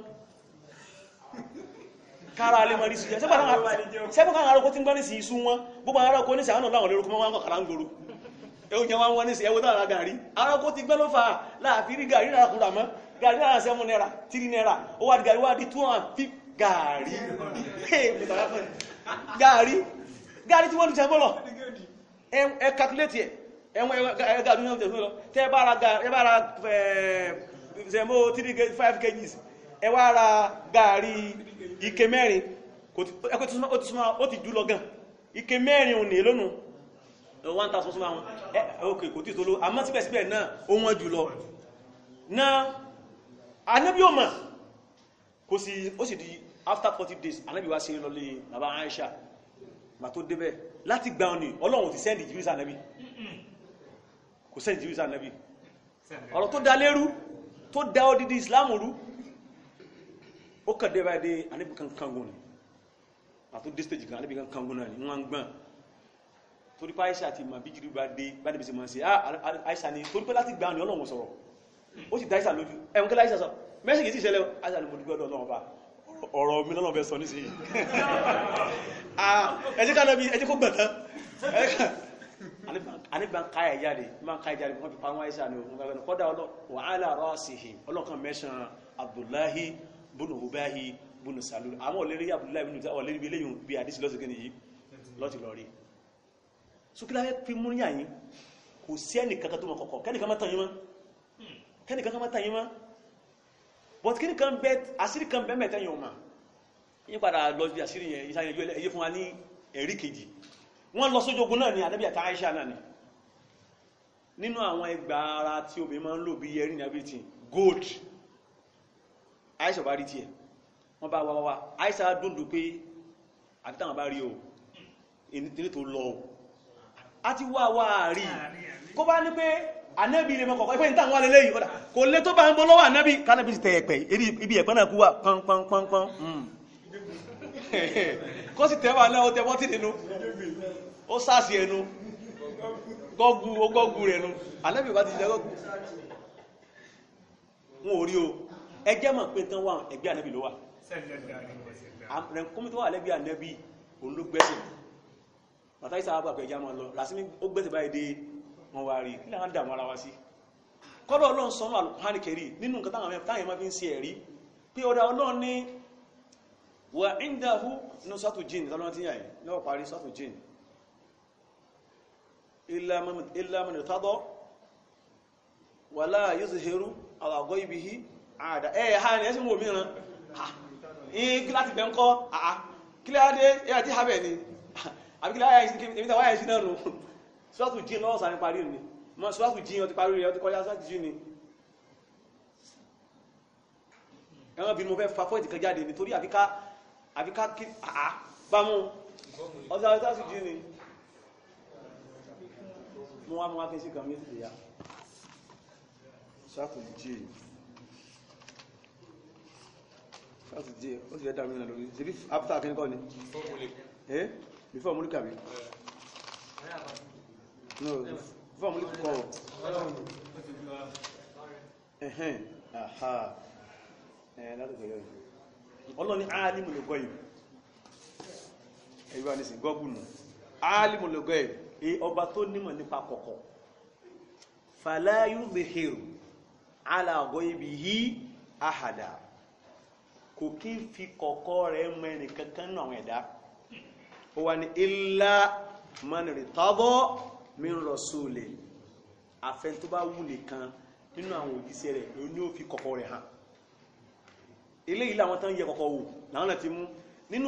B: kára alẹ́ mọ́rí sí sẹ́gbọ́n káàrà okó tí ń gbọ́n sí isú wọn gbogbo ara okó ní ewu ara ẹ̀wọ̀n ẹ̀gá ọdún náà tẹ̀sán lọ tẹ́ bá ra zemo 3 kgs ẹ wá ra gàárì ike mẹ́rin ó ti jù lọ gan ike mẹ́rin ò ní lónù 1000 súnmọ́ àwọn ok kò tí tó ló àmọ́ síbẹ̀síbẹ̀ náà ó wọ́n jù lọ náà anábí ò mọ̀ kò sí ó sì di after 40 days anábí wá sí lọlé bàbá Aisha mà tó débẹ̀ láti gbà ọ ní ọlọ́run ti sẹ́ndì jírísà anábí kò sẹ́ǹtì wíṣà nẹ́bí ọ̀rọ̀ tó da lérú tó da odidi islam rú ó kàn dé báyìí dé anábì kan kangun ni àtó dé stage kan anábì kan kangun náà ni wọ́n ń gbọ́n torí pé aisha ti mọ bí jìrì bá dé bá débi sí mọ́ sí aisha ni torí pé láti gbà ni ọlọ́run sọ̀rọ̀ ó sì da aisha lójú ẹ̀wọ̀n kẹ́lá aisha sọ mẹ́sì kìí sì ṣẹlẹ̀ aisha ni mo dúpẹ́ ọlọ́run ọba ọ̀rọ̀ mi lọ́nà fẹ́ sọ nísìnyí ah, ẹ̀jẹ̀ ká lọ bí ẹ̀jẹ̀ kó gbọ̀n tán ani ban kaya jáde ban kaya jáde wọn fi pa wọn ayisa ni o wọn fẹẹ kọdà ọlọ wa ala rasihim ọlọkan mẹsàn abdullahi bunu ubahi bunu salul àwọn ọlẹ́rí abdullahi bunu salul ọlẹ́rí bíi bi bíi àdísì lọ́sọ̀kẹ́ nìyí lọ́ti lọ rí sukila fi mú ní àyín kò sí ẹnìkan kan tó mọ kọ̀kọ̀ kẹ́nìkan má tàn yín mọ́ kẹ́nìkan kan má tàn yín mọ́ but kẹ́nìkan bẹ Asiri kan bẹ́ẹ̀ mẹ́tẹ́yìn ọ̀ma yín padà asiri bí àṣírí yẹn ìṣàyẹ̀jú ẹyẹ fún wa ní ẹ̀rí wọ́n lọ sójogun náà ni ànábì àti Aisha náà ni nínú àwọn ẹgbà ara tí obìnrin máa ń lò bí yẹrí ní abẹ́tì gold Aisha bá rí tiẹ̀ wọ́n bá wáwá Aisha dúndùn pé àbí táwọn bá rí o ènìtìní tó lọ o a ti wá wá rí kó bá ní pé ànábì ilé mọ́kọ̀ọ́kọ́ ìpé ìtàn wà lélẹ́yìn kódà kò lé tó bá ń bọ́ lọ́wọ́ ànábì kánábì ti tẹ ẹ̀pẹ̀ ibi ẹ̀pẹ̀ náà kú wà pọ́npọ́npọ́npọ́n hmm. kó sì tẹ́wà náà ó tẹ́wọ́ tí nínú ó sáàsì ẹnu gọ́gù ó gọ́gù rẹ̀ nu ànábì bá ti jẹ́ gọ́gù wọn ò rí o ẹjẹ́ mọ̀ pé tán wà ẹgbẹ́ ànábì ló wà kọ́mítọ́ wà lẹ́gbẹ́ ànábì òun ló gbẹ́sẹ̀ bàtà ìsàwọ̀ àgbàgbẹ́ ẹjá máa lọ làsímí ó gbẹ́sẹ̀ báyìí dé wọn wá rí kí láwọn dààmú ara wa sí kọ́dọ̀ ọlọ́run sọ́nà àlùkùnrin kẹrì nínú nǹkan táwọn táyẹ̀ máa fi ń ṣe ẹ̀rí pé ọ̀dà ọlọ́run ní wà ń dáhù ní sọ́tù jìn lọ́nà tí yà yìí lọ́wọ́ parí sọ́tù jìn illa man yutadọ wala yuzhiru ala ghaibihi àdá ẹ̀ ha ni ẹ́sìn mú òmìnira ní kíláàtì bẹ́ ń kọ́ àá kíláàdé ẹ̀ àti habẹ̀ ni àbí kíláàyà ìsìnkí wáyà ìsìn náà nù sọ́tù jí lọ́wọ́ sàrin parí ni mọ́ sọ́tù jí ọtí parí rẹ̀ ọtí kọjá sọ́tù jí ni ẹ̀wọ́n bí mo fẹ́ fa fọ́ìtì kan jáde nítorí àbíká àbíká kí àá bá mú ọtí sọ́tù jí ni mo wá mo wá kí n sí kan méjì ìyá ṣáàtùdì jẹ́ ṣáàtùdì jẹ́ ó sì fẹ́ dá mi náà lórí
A: ṣe after kí kọ́ ni eh? before múlì kàbí
B: no before múlì kọ́ ẹ̀hẹ́n àhà eh, ẹ̀ látọ̀kọ̀ yọ̀ ọlọ́ni áálí mọ̀lẹ́gọ́ yìí ẹ̀yí wà ní sí mọ̀lẹ́gọ́ yìí E ọba tó nímọ̀ nípa kọ̀kọ̀ fala yudhiru ala ghaibihi ahada kò kí n fi kọ̀kọ̀ rẹ̀ mọ kankan náà àwọn ẹ̀dá ó wà ní illa man irtada min rasulin àfẹ́ tó bá wù nìkan nínú àwọn òjíṣẹ́ rẹ̀ ló ní ó fi kọ̀kọ̀ rẹ̀ hàn eléyìí làwọn tán yẹ ti mú nínú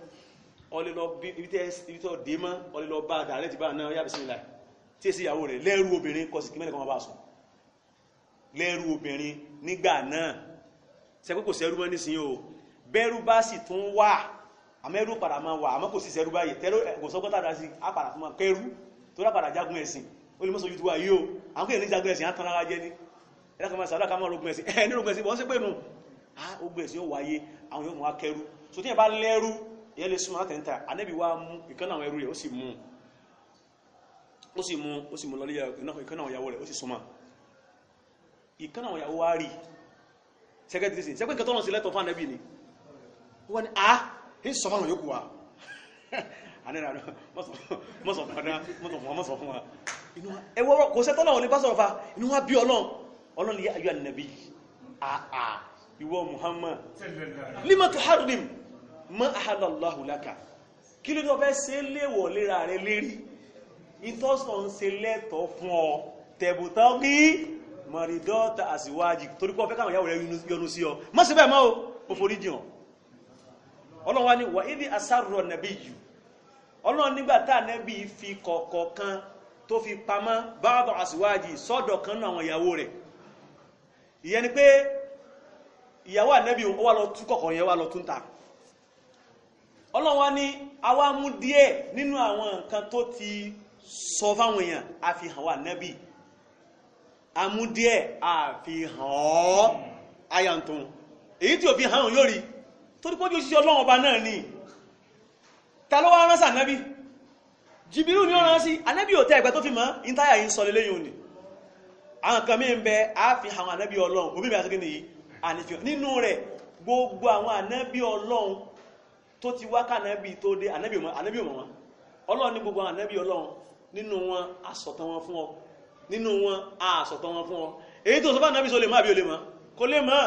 B: ọlẹ́ lọ bí ibi tó dé mọ́ ọlẹ́ lọ bá dàrẹ́ ti bá náà yàbí sínú láì tí èsì ìyàwó rẹ̀ lẹ́rú obìnrin kọsì kí mẹ́lẹ̀kan bá sùn lẹ́rú obìnrin nígbà náà sẹ́kú kò sẹ́rú mọ́ nísìnyí o bẹ́rú bá sì tún wà àmẹ́rú padà máa wà àmọ́ kò sí sẹ́rú báyìí tẹ́rú kò sọ́gbọ́n tàbí sí apàdà fún máa kẹ́rú tó lápàdà jagun ẹ̀sìn ó lè mọ́ sojú tiwa yìí o àwọn kò ní jagun ẹ̀sìn á tan ara jẹ ní ẹ̀dá kan máa sàdá kan máa rogun ẹ̀sìn ẹ̀ ní rogun ẹ̀sìn wọ́n sì pé ah ogun ẹ̀sìn ó wáyé àwọn yóò mú wa kẹ́rú so tíyẹn bá lẹ́rú ìyẹn lè súnmọ́ láti níta anábì wá mú ìkànnà àwọn ẹrú rẹ̀ ó sì mú ó sì mú ó sì mú lọ lẹ́yà ìkànnà àwọn ìyàwó rẹ̀ ó sì súnmọ́ ìkànnà àwọn ìyàwó wá rí sẹ́kẹ́tì sí sẹ́kẹ́tì tọ́lọ́ sí lẹ́tọ̀ fún anábì ni ó wá ní a ah, ń sọ fáwọn yòókù wa anira no mo sọ fún mo sọ fún mo sọ fún wa inú ẹ wọ́rọ̀ kò sẹ́tọ́ náà ní bá sọ̀rọ̀ fa inú wa bí ọlọ́run ọlọ́run yẹ ayọ́ ànàbí àà ìwọ Muhammad lima tuharrim ma ahalallahu laka kí ló tó fẹ́ ṣe léwọ̀ léra rẹ lérí ìtọ́sọ̀ ń ṣe lẹ́tọ̀ọ́ fún ọ tẹ̀bùtọ́ bí mọ̀rìndọ́ta àsìwájì torí pé ó fẹ́ káwọn ìyàwó rẹ yọnu sí ọ má ṣe bẹ́ẹ̀ mọ́ o forí jìn ọ ọlọ́run wá ní wà ìdí asárọ̀ nàbí yìí ọlọ́run nígbà tá ànábì fi kọ̀ọ̀kọ̀ kan tó fi pamọ́ báàbọ̀ àsìwájì sọ́dọ̀ kan náà àwọn ìyàwó rẹ̀ ìyẹn ni pé ìyàwó ànábì ó lọ tú kọ̀ọ̀kọ̀ yẹn wá lọ tún ta ọlọ́run wá ní àwa mú díẹ̀ nínú àwọn nǹkan tó ti sọ fáwọn èèyàn àfihàn wà nẹ́bì àmú díẹ̀ àfihàn ọ́ ayàntún èyí tí ò fi hàn yóò rí torí pé òjíṣẹ́ ọlọ́run ọba náà ni ta ló wá ránṣà nẹ́bì jìbìrú ni ó rán sí anẹ́bì ò tẹ́ ẹ̀gbẹ́ tó fi mọ́ ìntàyà yìí ń sọ lélẹ́yìn òní àwọn kan mìí ń bẹ àfihàn anẹ́bì ọlọ́run òbí mi àti kí nìyí ànífihàn nínú rẹ̀ gbogbo àwọn anẹ́bì ọlọ́run tó ti wá kànábì tó dé ànábì ọmọ wọn ọlọ́run ní gbogbo ànábì ọlọ́run nínú wọn àsọ̀tàn wọn fún ọ nínú wọn àsọ̀tàn wọn fún ọ èyí tó sọ fún ànábì sọ lè mọ́ àbí ó lè mọ́ kò lè mọ́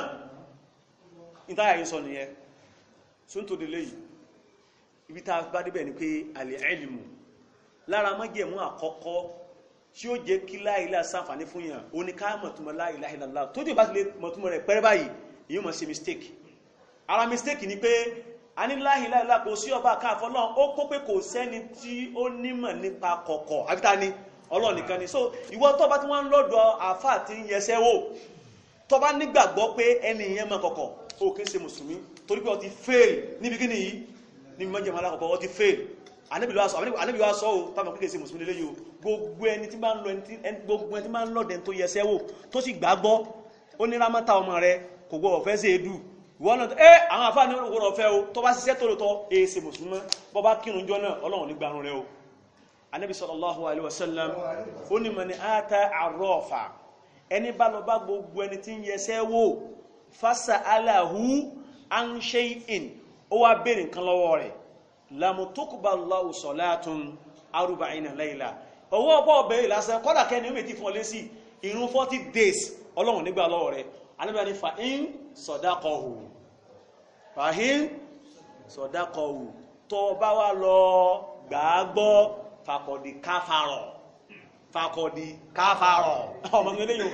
B: ìtayà yìí sọ nìyẹn sóńtò délé yìí ibi tá bá débẹ̀ ni pé àlẹ́ ẹ̀lìmù lára májẹ̀mú àkọ́kọ́ tí ó jẹ́ kí láìlá sáfàní fún yàn ó ní ká mọ̀túnmọ̀ láìlá ìlàlá tó jẹ́ bá ti lè mọ̀túnmọ̀ rẹ̀ pẹ́rẹ́ báyìí yíò mọ̀ sí mistake ara mistake ni pé a ní láhìláìlá kò sí ọba kan àfọlọ́n ó kó pé kò sẹ́ni tí ó nímọ̀ nípa kọ̀kọ̀ àbíta ni ọlọ́run nìkan ni so ìwọ tọ́ba tí wọ́n ń lọ́dọ̀ àáfà tí ń yẹsẹ́ wò tọ́ba nígbàgbọ́ pé ẹni ìyẹn mọ̀ kọ̀kọ̀ ó kí ń ṣe mùsùlùmí torí pé ó ti fail níbi kí nìyí níbi mọ́jẹ̀mọ́ alákọ̀ọ́kọ́ ó ti fail ànábì wa sọ o táwọn kí kì í ṣe mùsùlùmí lélẹ́yìí o gbogbo ẹni tí máa ń lọ ẹni gbogbo ẹni tí máa ń lọ́dẹ̀ tó yẹsẹ́ wò tó sì gbàgbọ́ ó ní rámátà ọmọ rẹ kò gbọ́ ọ̀fẹ́ sí edu wọ́n náà ẹ́ àwọn àfáà ní olùkọ́ ọ̀fẹ́ o tó bá ṣiṣẹ́ tó lòtọ́ èsè e mùsùlùmọ́ bọ́ bá kírun jọ náà ọlọ́run ní gbarun rẹ o anábì sallallahu alaihi wasallam ó ní mọ̀ ní ata àrọ́ọ̀fà ẹni bá lọ bá gbogbo ẹni tí ń yẹsẹ́ wò fásà aláhu an shay'in ó wá béèrè nǹkan lọ́wọ́ rẹ̀ lamutukubalahu anábìyà ní fàáhín sọ̀dákọ̀hù fàáhín sọ̀dákọ̀hù tó bá wá lọ gbàgbọ́ fàkọ̀dì káfàrọ̀ fàkọ̀dì káfàrọ̀ ọmọ mi lẹ́yìn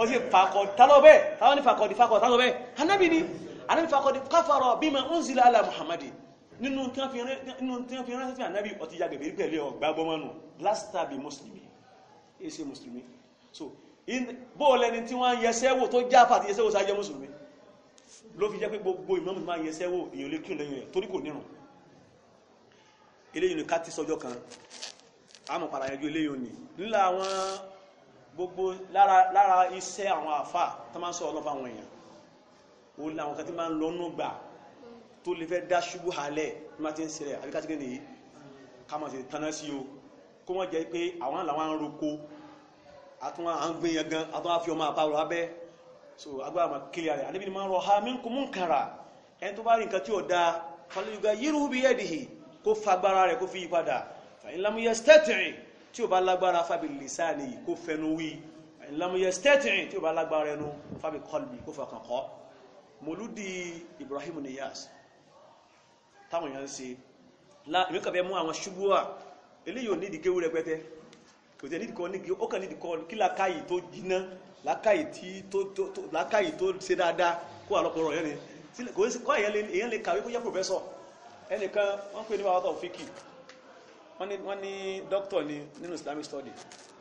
B: o sì fàkọ̀dì tálọ́bẹ̀ táwọn ní fàkọ̀dì fàkọ̀dì tálọ́bẹ̀ anábì ni anábì fàkọ̀dì káfàrọ̀ bima unzila ala muhammadi nínú tí wọ́n fi ránṣẹ́ sí ànábì ọtí yagẹ̀bẹ̀ pẹ̀lú ọgbàgbọ́mọ́nù lásìtàbí mùsùlùmí èsì mùsùlùmí so bóòlẹ́ni tí wọ́n ń yẹsẹ́ wò tó já fàtí yẹsẹ́ wò sáájẹ́ mùsùlùmí ló fi jẹ́ pé gbogbo ìmọ̀mù máa ń yẹsẹ́ wò èèyàn lè kírun lẹ́yìn rẹ̀ torí kò nírun eléyìí ni ká ti sọjọ́ kan àmọ́ padà yanjú eléyìí ni nílà àwọn gbogbo lára iṣẹ́ àwọn àfà tó máa ń sọ ọlọ́fà àwọn èèyàn ó láwọn kan tí máa ń lọ́nú gbà tó lè fẹ́ dá ṣubú halẹ̀ ní máa ti ń ṣẹlẹ̀ àbíkátíkẹ́ nìyí ká máa ṣe tanná sí o kó wọ́n jẹ́ pé àwọn làwọn ń roko àtún à ń gbìyàn gan àtún àfi ọmọ àbáwọ̀ abẹ́ so agbára ma kílẹ̀ rẹ̀ àníbi ni máa ń rọ ha minkum munkara ẹni tó bá rí nǹkan tí ò dáa falyuga yiru bi yadihi kó fagbára rẹ̀ kó fi yípadà fa in lam yastati' tí ò bá lágbára fa bi lisani kó fẹnu wí fa in lam yastati' tí ò bá lágbára ẹnu fa bi qalbi kó fọkàn kọ́ mòlúdi Ibrahim Niyas táwọn èèyàn ń ṣe ìmíkàfẹ́ mú àwọn ṣubúwà eléyìí ò nídìí kéwú rẹpẹtẹ kò tẹ́ nídìí kọ́ ní kí ó kàn nídìí kọ́ kí làákàyè tó jiná làákàyè tí tó tó làákàyè tó ṣe dáadáa kó àlọ́pọ̀rọ̀ yẹn ni kò sí kọ́ èèyàn lè kàwé kó jẹ́ pòfẹ́sọ̀ ẹnìkan wọ́n pè ní bàbá tó fíkì wọ́n ní dókítọ̀ ni nínú Islamic study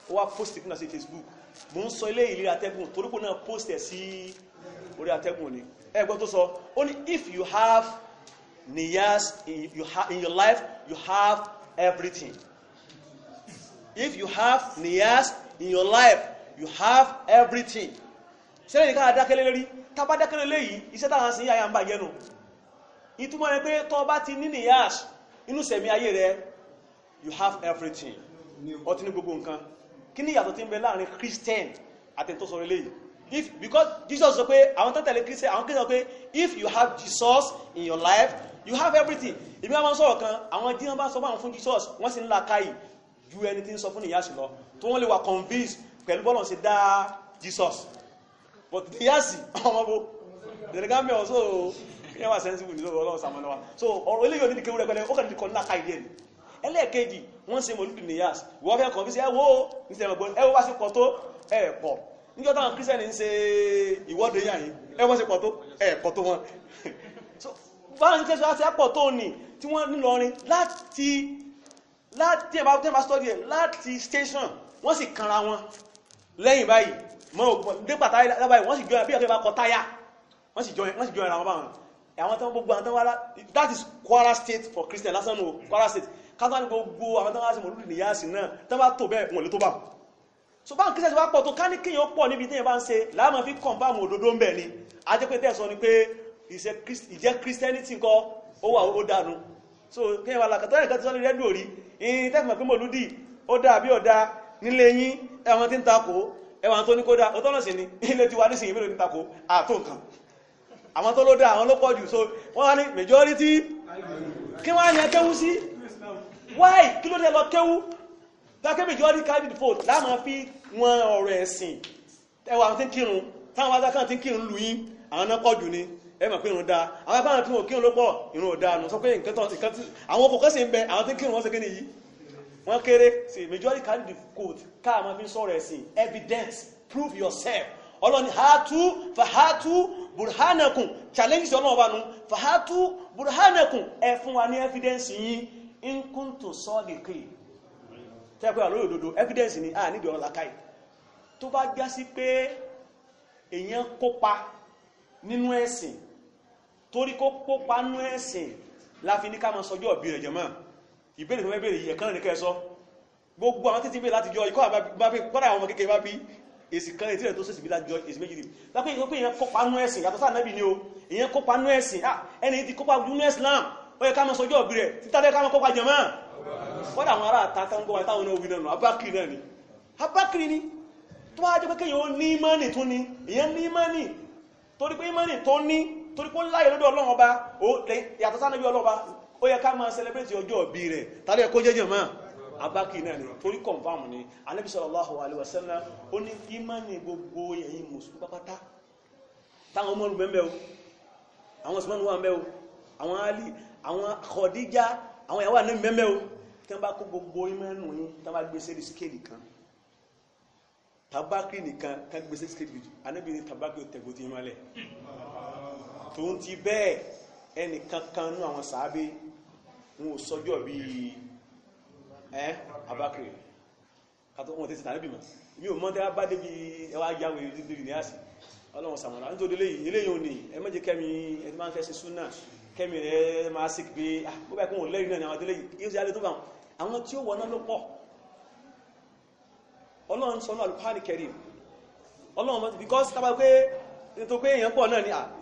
B: ó wá post ìpínlẹ̀ sí Facebook mo ń sọ ilé ìlera atẹ́gùn torípò náà post ẹ̀ sí orí atẹ́gùn ni ẹgbẹ́ tó sọ ó ní if you have niyas in, you ha in your life you have everything if you have niyas in your life you have everything ṣẹlẹ̀ ní káà dákẹ́lẹ́ lérí tàbá dákẹ́lẹ́ léyìí iṣẹ́ táwọn sí yáyà ń bà yẹnu ìtumọ̀ rẹ̀ pé tó bá ti ní niyas inú sẹ̀mí ayé rẹ̀ you have everything ó ti ní gbogbo nǹkan kí ni ìyàtọ̀ tí ń bẹ láàrin Christian àti tó sọ̀rọ̀ if because Jesus sọ pé àwọn tó tẹ̀lé Christian àwọn Christian sọ pé if you have Jesus in your life you have everything ìbí wọn máa ń sọ̀rọ̀ kan àwọn jíjọba sọ fún àwọn fún Jesus wọ́n sì ń la káyìí ju ẹni tí ń sọ fún níyàsì lọ tó wọ́n lè wà convince pẹ̀lú bọ́lọ̀ sí dá Jesus but níyàsì ọmọ bó dẹ̀lẹ́gàmì ọ̀sọ́ yẹn wà sensible ní ọlọ́run sàmọ́nà wa so ọ̀rọ̀ eléyìí onídìí kéwúrẹ́ pẹ̀lẹ́ ó kàn ní kọ́ ńlá ká ìdí ẹni ẹlẹ́ẹ̀kejì wọ́n ṣe mọ̀lúdì níyàsì wọ́n fẹ́ convince ẹ wo ní sẹ́yìn ọgbọ́n ẹ wọ́n wá sí pọ̀ tó ẹ pọ̀ níjọ́ táwọn kírísẹ́nì ń ṣe ìwọ́de yàn yìí ẹ wọ́n ṣe pọ̀ tó ẹ pọ̀ tó wọn so báwọn ṣe tẹ́sí wá sí ẹ pọ̀ tó ní tí wọ́n nílọrin láti láti ẹ̀ bá tẹ́ bá study ẹ̀ láti station wọ́n sì kanra wọn lẹ́yìn báyìí mọ́ ògbọ́n dé pàtàkì lábáyìí wọ́n sì jọ bí ọ̀kẹ́ bá kọ táyà wọ́n sì jọ ara wọn báwọn àwọn tán gbogbo àwọn tán wá that is Kwara State for Christian lásán ní Kwara State kátà ní gbogbo àwọn tán wá sí mọ̀lúdì tó Christian ti wá pọ̀ tó ká ní kíyàn pọ̀ so kéèyàn wà làkàtọ́ ẹ̀ka ti sọ lórí rẹ́díò rí ìyìn tẹ́kùnmọ̀ pé mòlúdì ó dà bí ọ̀dà nílé yín ẹ̀wọ̀n tí ń takò ẹ̀wọ̀n tó ní kó dá ọtọ́nà sí ni ilé ti wà ní sìn ìbílò ní takò àtò nǹkan àwọn tó ló dá àwọn ló pọ̀ jù so wọ́n wá ní majority kí wọ́n á ní ẹkẹ́wú sí why kí ló dé lọ kéwú dákẹ́ majority candidate vote láàmú fi wọn ọ̀rọ̀ ẹ̀sìn ẹwà àwọn tí ń kírun táwọn wájú ẹ mọ̀ pé irun dáa àwọn abáwọn tí wọn kírun ló pọ̀ irun ò dáa nù sọ pé nǹkan tó nǹkan tí àwọn ọkọ̀ kan sì ń bẹ àwọn tí kírun wọn ṣe nìyí wọn kéré sí majority carry the code káà máa fi sọ̀rọ̀ ẹ̀sìn evidence prove yourself ọlọ́ni hatu fahatu burhanakun challenge ọlọ́run ọba nu fahatu burhanakun ẹ fún wa ní evidence yín in kuntum sadiqin tẹ́kọ̀ọ́ àlóyè òdodo evidence ni a nídìí ọ̀rọ̀ làkàyè tó bá já sí pé èèyàn kópa nínú ẹ̀sìn torí kó pópa nú ẹ̀sìn láfi ní ká máa sọjọ́ ọ̀bí rẹ̀ jẹ̀mọ́ ìbéèrè tó mẹ́bẹ̀rẹ̀ yẹ̀ kan nìkẹ́ sọ gbogbo àwọn títí bí láti jọ ikọ́ àbábí àwọn ọmọ kékeré bá bí èsì kan ètí rẹ̀ tó sèsì bí láti jọ èsì méjì rẹ̀ lápé ìyẹn pé ìyẹn kópa nú ẹ̀sìn yàtọ̀ sáà nẹ́bì ni o ìyẹn kópa nú ẹ̀sìn ah, ẹni tí kópa nú Islam ó yẹ ká máa sọjọ́ ọ̀bí rẹ̀ títà bẹ́ẹ̀ ká máa kópa jẹ̀mọ́ fọ́dà àwọn ará àta táwọn gbọ́wọ́ táwọn òbí náà abákiri náà ni abákiri ni tó wá jẹ́ pé kéèyàn ó ní ìmánì tó ní ìyẹn ní ìmánì torí pé ìmánì tó torí kó láyé lọ́dọ̀ ọlọ́run ọba yàtọ̀ sáà níbi ọlọ́run ọba ó yẹ ká máa celebrate ọjọ́ ìbí rẹ̀ tàbí ẹ̀kọ́ jẹ́jẹ̀ mọ́ abákì náà ni torí confam ni Ànábì sallallahu alaihi wasallam ó ní ìmánì gbogbo ẹ̀yin mùsùlùmí pápátá táwọn ọmọ olùgbẹ́ mbẹ́ o àwọn Usman wà mbẹ́ o àwọn Ali àwọn Khadija àwọn ìyàwó àná mbẹ́ mbẹ́ o tí wọ́n bá kó gbogbo ìmánì yín tí wọ́n bá gbé sẹ́rí síkèlì kan tabakiri nìkan tí wọ́n gbé sẹ́rí tó ti bẹ́ẹ̀ ẹnìkankan nú àwọn sàábé wọn ò sọjọ́ bíi ẹ abakiri kàtó wọn tẹsí tàbí mọ mi ò mọ tẹ bá débi ẹwà yàwó ìdílé ní àsì Ọlọ́run sàmọlá nítorí eléyìí òní ẹ méje kẹmi ẹ ti máa ń fẹsẹ súnà kẹmi rẹ máa sì ah bó bá náà ni àwọn yóò alẹ tó bá wọn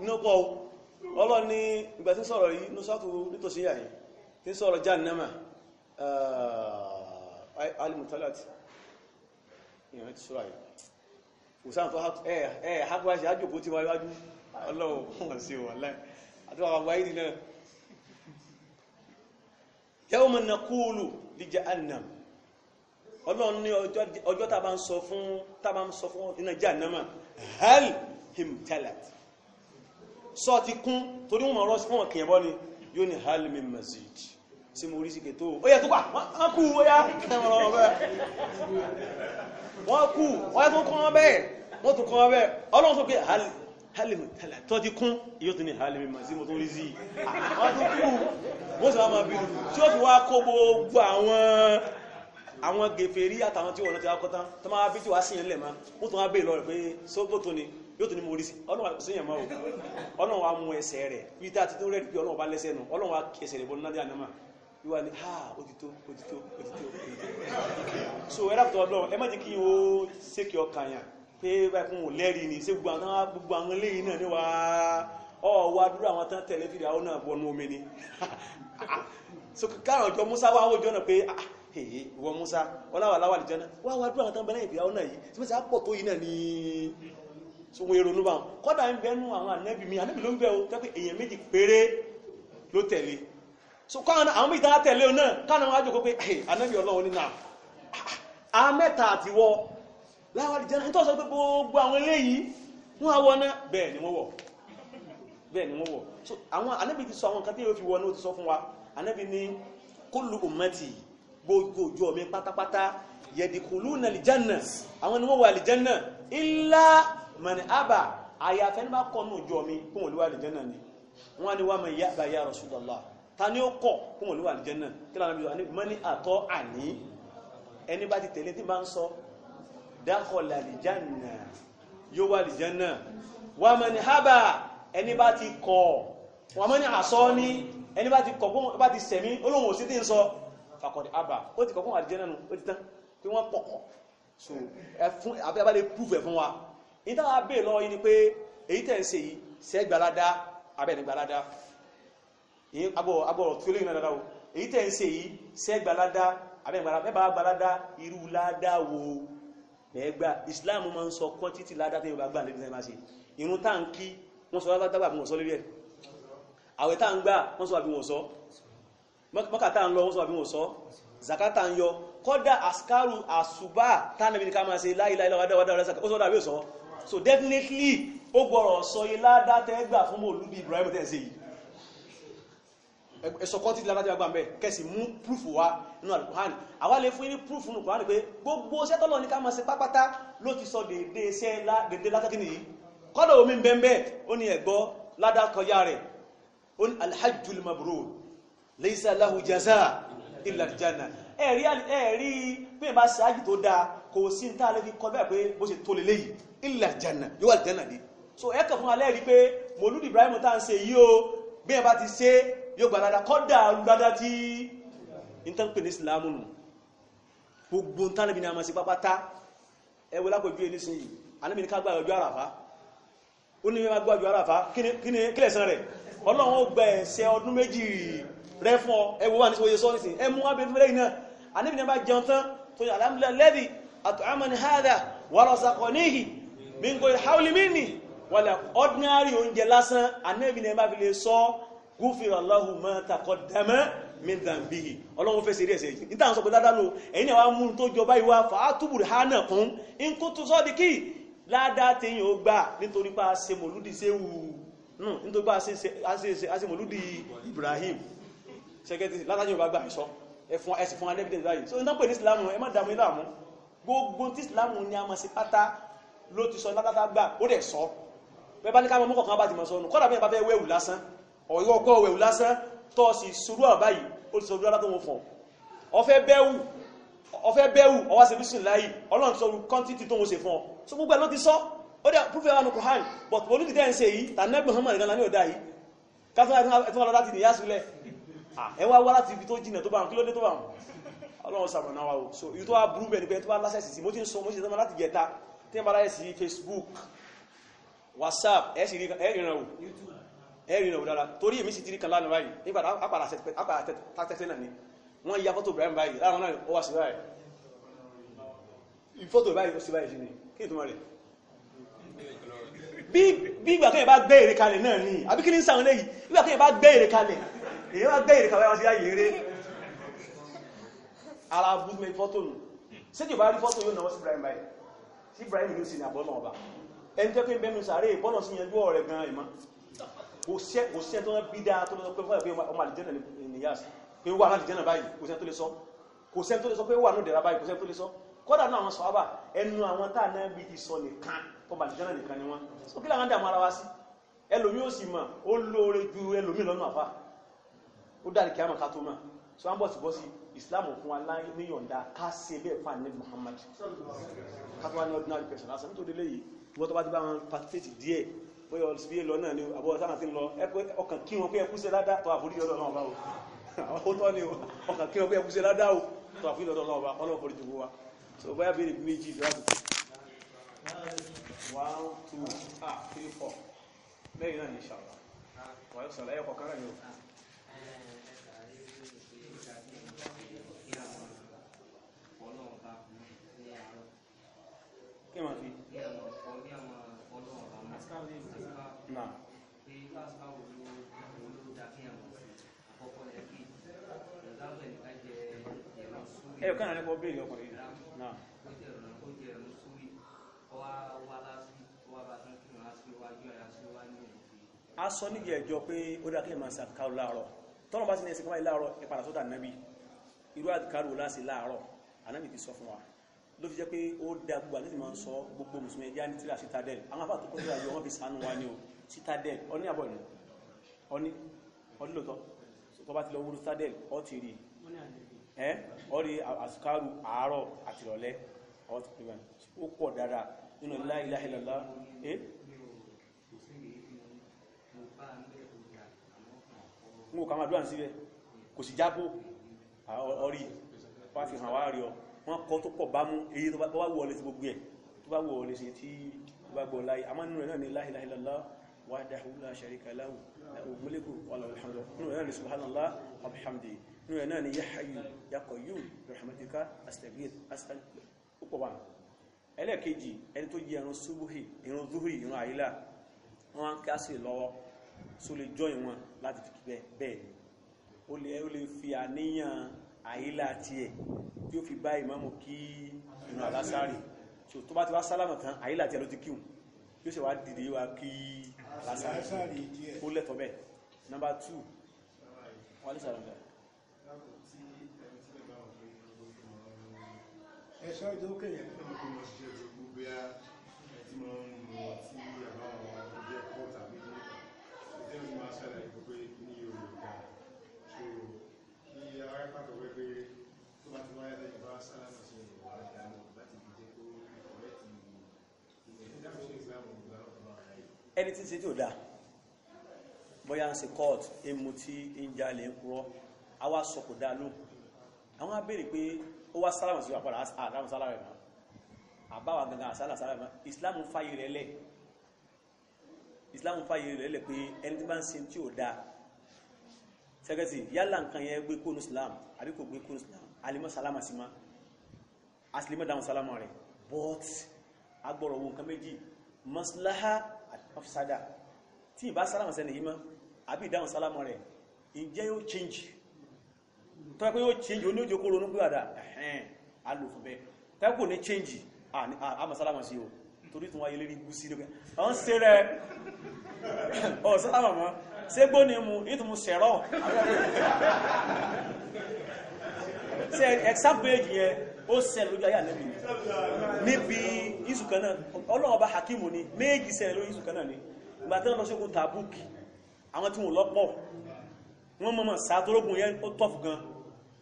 B: àwọn ọlọ́run ni ìgbà tí ń sọ̀rọ̀ yìí ní sọ́tù nítòsí yà yìí tí ń sọ̀rọ̀ jahannama uh, alimutalat ìyàn ti sọ́rọ̀ yìí òsàn tó ẹ̀ hapuwa ṣe ájòkó tí wáyájú ọlọ́run sí wọ́n láì àti wà wáyé dì náà yawma naqulu li jahannam ọlọ́run ní ọjọ́ tàbá ń sọ hal himtalat sọ ti kún torí wọn rọ́ sí fún ọ̀kìn ẹ̀bọ́ ni yóò ní halimi mazid sí mo rí sí kètò ó yẹ tó pa wọ́n kú ó yá wọ́n kú ó yá tó kọ́ wọn bẹ́ẹ̀ wọ́n tó kọ́ wọn bẹ́ẹ̀ ọlọ́run sọ pé halimi tó ti kún yóò tó ní halimi mazid mo tó rí sí wọ́n tó kú wọ́n sì wá máa bí tí ó fi wá kó gbogbo àwọn àwọn gèfèrí àtàwọn tí wọ́n ti wá kọ́tán tó máa bí tí wá sí ẹ̀ lẹ̀ máa tó wá bèèrè lọ pé sógbótó ni yóò tó ní mo rí sí ọlọ́wà sẹ́yìn mọ́ o ọlọ́wà mú ẹsẹ̀ rẹ̀ bí tá a ti tó rẹ̀ pé ọlọ́wà lẹ́sẹ̀ nù ọlọ́wà ẹsẹ̀ rẹ̀ bọ́ nádé ànámà wíwá ní ha ó ti tó ó ti tó ó ti tó so ẹ dàpọ̀ ọlọ́wà ẹ má jẹ́ kí o ṣe kí ọkàn yàn pé báyìí fún lẹ́rìí ni ṣé gbogbo àwọn eléyìí náà ni wàá ọwọ́ adúrà àwọn tán tẹ̀lé fìdí àwọn náà wọnú omi ni so káàrùn ọjọ́ Musa wá wọ́jọ́ náà pé èyí ah, ìwọ Musa ọláwàláwà lè jẹ́ náà wá wá adúrà àwọn tán bẹ́ẹ̀ náà ìfìyàwó náà yìí tí wọ́n ti á pọ̀ tó yìí náà ni so wọ́n èrò níbà kọ́dà ń bẹ́nu àwọn ànẹ́bì mi ànẹ́bì ló ń bẹ́ o tẹ́pẹ́ èèyàn méjì péré ló tẹ̀lé so káwọn àwọn méjì tán tẹ̀lé o náà káwọn àwọn àjòkó pé ànẹ́bì ọlọ́run ní náà a mẹ́ta àti wọ láwọn àdìjẹ́ náà tó sọ pé gbogbo àwọn eléyìí wọ́n á náà bẹ́ẹ̀ ni wọ́n wọ̀ bẹ́ẹ̀ so àwọn ànẹ́bì ti sọ àwọn nǹkan tí yóò fi wọ náà ti sọ fún wa ànẹ́bì ní kólù ummati gbogbo ọjọ́ mi pátápátá yẹ̀dìkùlù mọ̀nì àbà àyàfẹ́ ní bá kọ́ ní òjò mi kún òlúwà àlìjẹ́nà ni wọ́n ni wà mọ̀ ìyá àbá ya Rasulullah ta ni ó kọ̀ kún òlúwà àlìjẹ́nà kí lànà bíi mọ̀nì àtọ́ àní ẹni bá ti tẹ̀lé tí bá ń sọ dákọ̀lá àlìjẹ́nà yóò wà àlìjẹ́nà wà mọ̀nì àbà ẹni bá ti kọ̀ wà mọ̀nì àsọ ni ẹni bá ti kọ̀ kún bá ti sẹ̀mí olóhùn òsì tí ń sọ fàkọ̀dé àbà ó ti kọ̀ kún àlìjẹ́nà nù ó ti tán pé wọ́n pọ̀ kọ̀ so ẹ fún abẹ́ abá lè púfẹ̀ fún wa ìtawà bèè lọ yìí ni pé èyí tẹ̀ ń ṣe yìí ṣe gbalada abẹ́ni gbalada agbọ̀rọ̀ tó lè yìí dáadáa o èyí tẹ̀ ń ṣe yìí ṣe gbalada abẹ́ni gbalada mẹ́bàá gbalada irú ládá wo lẹ́gbà Islam máa ń sọ quantity ládá tẹ́yìn bá gbà lẹ́bi tẹ́yìn bá ṣe irun tá ń kí wọ́n sọ ládá tábà bí wọ́n sọ lórí ẹ̀ àwẹ̀ tá ń gbà wọ́n sọ àbí wọ́n sọ mọ́kà tá ń lọ wọ́n sọ àbí wọ́n sọ zakata ń yọ kọ́dà àsìkárù àsùbá tánàbí ní ká máa ṣe láìláìlọ́wọ́dáwọ́dáwọ́dáwọ́dáwọ́ so definitely ó gbọ́rọ̀ sọ yé ládàtẹ́ gbà fún mòlúbí Ibrahim tẹ̀sí yìí ẹ̀sọ̀kọ́ títí ládàtẹ́ gbà mẹ́ kẹsì mú púrúfù wá nínú alukuhani àwa lè fún yín ní púrúfù nínú kuhani pé gbogbo iṣẹ́ tọ́lọ́ ní ká máa ṣe pápátá ló ti sọ dédé iṣẹ́ dédé látàkì nìyí kọ́dọ̀ omi bẹ́ẹ̀ ó ní ẹ̀gbọ́ ládà kọjá rẹ̀ ó ní alhajjul mabrur laysa lahu jaza illa aljanna ẹ̀rí pé ìbá ṣáájú tó dáa kò sí ní táà lè fi kọ bẹ́ẹ̀ pé bó ṣe tó lélẹ́ yìí ilẹ̀ jẹ̀nà yóò wà jẹ̀nà dé so ẹ kàn fún alẹ́ rí pé mòlúd Ibrahim tá à ń ṣe yìí o bí ẹ bá ti ṣe yóò gbà dáadáa kọ́dà dáadáa tí n tán pè ní Ìsìlámù nù gbogbo ń tánàbí ní a máa ṣe pápátá ẹ wọlé àpòjú ẹni sí yìí anábì ní ká gbà ọjọ́ àràfá ó ní wọ́n gbà ọjọ́ àràfá kí ni kílẹ̀sán rẹ̀ ọlọ́run ó gbà ẹ̀ṣẹ̀ ọdún méjì rẹ fún ọ ẹ wọ́n wà ní sọ́yẹ sọ́ọ́nìsìn ẹ mú wá bẹ́ẹ̀ fẹ́lẹ́ yìí náà at'amani hadha wa razaqanihi min ghayri hawli minni wala ordinary oúnjẹ lásán Ànábì ní ẹ má fi lè sọ gúfèrè Allahu ma taqaddama min dhanbihi ọlọ́run fẹ́ sẹ́rí ẹ̀sẹ̀ yìí níta sọ pé dáadáa lò ẹ̀yìn àwọn amúrun tó jọba ìwà fàátùbùrù hánà kún in kó tó sọ́ọ́dì kí ládàá téèyàn ó gbà nítorí pa ṣe mòlúdì séwu nítorí pa ṣe mòlúdì Ibrahim ṣẹkẹtì ládàá yóò bá gbà ẹ̀sọ́ ẹ̀sìn fún alẹ́bìdẹ̀ báyìí so nítorí pé ní Islam ẹ má dààmú ilé gbogbo tí ìsìláàmù ní àmọ̀ sí pátá ló ti sọ lápátá gbà ó dẹ̀ sọ bẹ́ẹ̀ bá ní káwọn mọ́kọ̀ kan bá ti mọ̀ sọnù kọ́dà bẹ́ẹ̀ bá fẹ́ wẹ̀wù lásán ọ̀yọ́ ọkọ̀ wẹ̀wù lásán tọ́ sí sùúrù àbáyìí ó ti sọ dúró látọ̀ wọn fọ̀ ọ̀fẹ́ bẹ́ẹ̀wù ọ̀fẹ́ bẹ́ẹ̀wù ọwá ṣe bísìn láyì ọlọ́run sọ kọ́ntítì tó ń ṣe fún ọ so gbogbo ẹ̀ ló ti sọ ó dẹ̀ púfẹ́ wà ọlọ́run sàmọ̀nà wa o so ìtọ́ aburú bẹ̀ ní pé tó bá lásẹ̀sì sí mo ti ń sọ mo ti sọ́mọ́ láti gẹ̀ta tí ń bá láyẹ̀ sí facebook whatsapp ẹ̀rìnà òdára torí èmi sì ti rí kan lánàá báyìí nígbà apàdà tẹ́tẹ́ náà ni wọ́n ya fọ́tò Ibrahim báyìí láwọn náà ó wá sí báyìí ìfọ́tò báyìí ó sí báyìí sí ni kí ni tó mọ́ rẹ̀ bí ìgbà tó yẹ bá gbé èrè kalẹ̀ náà ni àbí kí ni sáwọn eléyìí ìgbà tó yẹ bá gbé èrè kalẹ̀ èyí bá gbé èrè kalẹ̀ wọ́n sí láyé eré ara abúlé fọ́tò nù séjì bá rí fọ́tò yóò náwó sí Ibrahim báyìí sí Ibrahim yóò sì ní àbọ́nà ọba ẹni tẹ́ pé ń bẹ́nu sàárè bọ́nà sí yanjú ọ̀rẹ́ gan ẹ̀mọ́ kò sẹ́ tó ń bí dáa tó lọ pé fún ẹ̀fẹ́ ọmọ àlìjẹ́nà nìyàs pé wà láàlìjẹ́nà báyìí kò sẹ́ tó lè sọ kò sẹ́ tó lè sọ pé wà lóde rábáyìí kò sẹ́ tó lè sọ kọ́dà náà àwọn sọ̀hábà ẹnu àwọn tá náà bí ti sọ nìkan ọmọ àlìjẹ́nà nìkan ni wọ́n sọ kí làwọn dààmú ara wa sí ẹlòmí ó sì mọ̀ ó lóore ju ẹlòmí lọ́nà àfà ó dàrí kí á mọ̀ ká tó mọ̀ sọ à ń bọ̀ sí bọ́ sí islam fún wa láyé níyọ̀ǹda ká ṣe bẹ́ẹ̀ fún àníbi muhammad káfíwá ní ordinary person lásán nítorí léyìí wọ́n tó bá ti bá wọn participate díẹ̀ bóyá ọ̀sìn bíi lọ náà ni àbọ̀ sáà ti ń lọ ọkàn kí wọn pé ẹkú ṣe ládàá tó àforí ọ̀dọ̀ náà bá o àwọn tó tọ́ o ọkàn kí wọn pé ẹkú ṣe ládàá o tó àforí ọ̀dọ̀ náà bá ọlọ́run forí jùlọ wa so bóyá bíi méjì láti
A: one two ah three four mẹ́rin náà ní ìṣàlọ́ wàá sọ̀rọ̀ ẹ̀yọ̀ kọ̀ọ̀kan náà ni o. ẹ̀yọ̀ kan náà nípa ọbẹ̀ ọkùnrin náà
B: a sọ níbi ẹjọ́ pé ó dá kí ẹ máa ṣàkàrò láàárọ̀ tọ́nà bá sí ní ẹsẹ̀ kọ́wàá láàárọ̀ ìpadà sọ́dà náàbì irú àdìkàrò láti láàárọ̀ anábì ti sọ fún wa ló fi jẹ́ pé ó dá gbogbo àti ti máa ń sọ gbogbo mùsùlùmí ẹjá ní tíra citadel àwọn afá tó kọjú àyọ wọn fi sànú wa ní o citadel ọ ní àbọ̀ ní ọ ní ọdún lòtọ́ tó bá ti lọ wúru citadel ọ ti rí i ẹ́ ọ̀rí àsùkárù àárọ̀ àti ìrọ̀lẹ́ ó pọ̀ dáadáa nínú la ilaha illallah ẹ́ mú ká máa dúwà síbẹ̀ kò sì jábó ọ̀rí wá fi hàn wá rí ọ wọ́n kọ́ tó pọ̀ bá mú èyí tó bá wọlé sí gbogbo ẹ̀ tó bá wọlé sí tí ó bá gbọ́ láyé àmọ́ nínú ẹ̀ nínú ẹ̀ náà ni yáhayù yakọ̀ yóò rahmatika astagir asal púpọ̀ wà ẹlẹ́ẹ̀kejì ẹni tó yí ẹran subuhi ìran zuhi ìran àyílà wọn ń kásì lọ́wọ́ só lè jọ ìwọn láti fi kíbẹ̀ bẹ́ẹ̀ ni ó lè ó lè fi àníyàn àyílà tiẹ̀ tí ó fi bá ìmáàmù kí ìran alásàrì tó bá ti wá sálámà tán àyílà tiẹ̀ ló ti kíhùn yóò ṣe wá dìde wá kí alásàrì ó lẹ́tọ̀ bẹ́ẹ̀ number two wọ́n lè sàrànlẹ̀ ẹ̀ṣọ́ ìdókè yẹn. ó kò mọ̀
A: ṣiṣẹ́ tó gbogbo bí a ti máa ń mú ọtí àbáwọn ọjọ́ ẹ̀kọ́ tàbí ní ìdílé mi máa ṣàlàyé pé ní Yorùbá so kí ara pàtó wẹ́ pé tó bá ti wáyé lẹ́yìn bá sálámà ṣe ìwà ìdáná láti fi jẹ́ kó ọ̀rẹ́ ti
B: ẹni tí ń ṣe tí ò dáa bóyá ń ṣe court ń mutí ń jalè ń purọ́ àwa sọ kò dáa lóhùn àwọn abéèrè pé ó wá sálámù sí àpàdà àdáhùn sálámù rẹ̀ mọ́ àbáwà gangan àsálà sálámù ìsìlámù fàyè rẹ̀ lẹ̀ ìsìlámù fàyè rẹ̀ lẹ̀ pé ẹni tí bá ń sin tí ò dáa sẹ́gẹ́tì yálà nǹkan yẹn gbé kónú islam àbí kò gbé kónú islam alimọ́ sálámà sí ma asilimọ́ dáhùn sálámà rẹ̀ but agbọ̀rọ̀ wo nǹkan méjì maslaha àfisada tí ìbá sálámà sẹ́ni yìí mọ́ àbí ìdáhùn sálámà rẹ̀ ǹjẹ́ yóò change tó yẹ pé yóò change oníjókòó ronú pé àdá ẹ̀hẹ́n a lò fún bẹ́ẹ̀ tẹ́kù ní change àmàsálámà sí o torí tún wáyé lérí gúúsí rẹ̀ wọ́n ṣe rẹ̀ ọ̀sálámà mọ́ ṣe gbó ní mu ìtumù sẹ̀rọ̀ ṣe example èjì yẹn ó ṣẹ lójú ayé àlẹ́bì níbi ìsùkan náà ọlọ́run bá hakimu ni méjì ṣẹlẹ̀ lórí ìsùkan náà ni ìgbà tí wọ́n lọ ṣógun Tabuk àwọn tí wọ́n lọ́pọ̀ wọ́n mọ̀mọ̀ sàtọ́rọ́gùn yẹn ó tọ́fù gan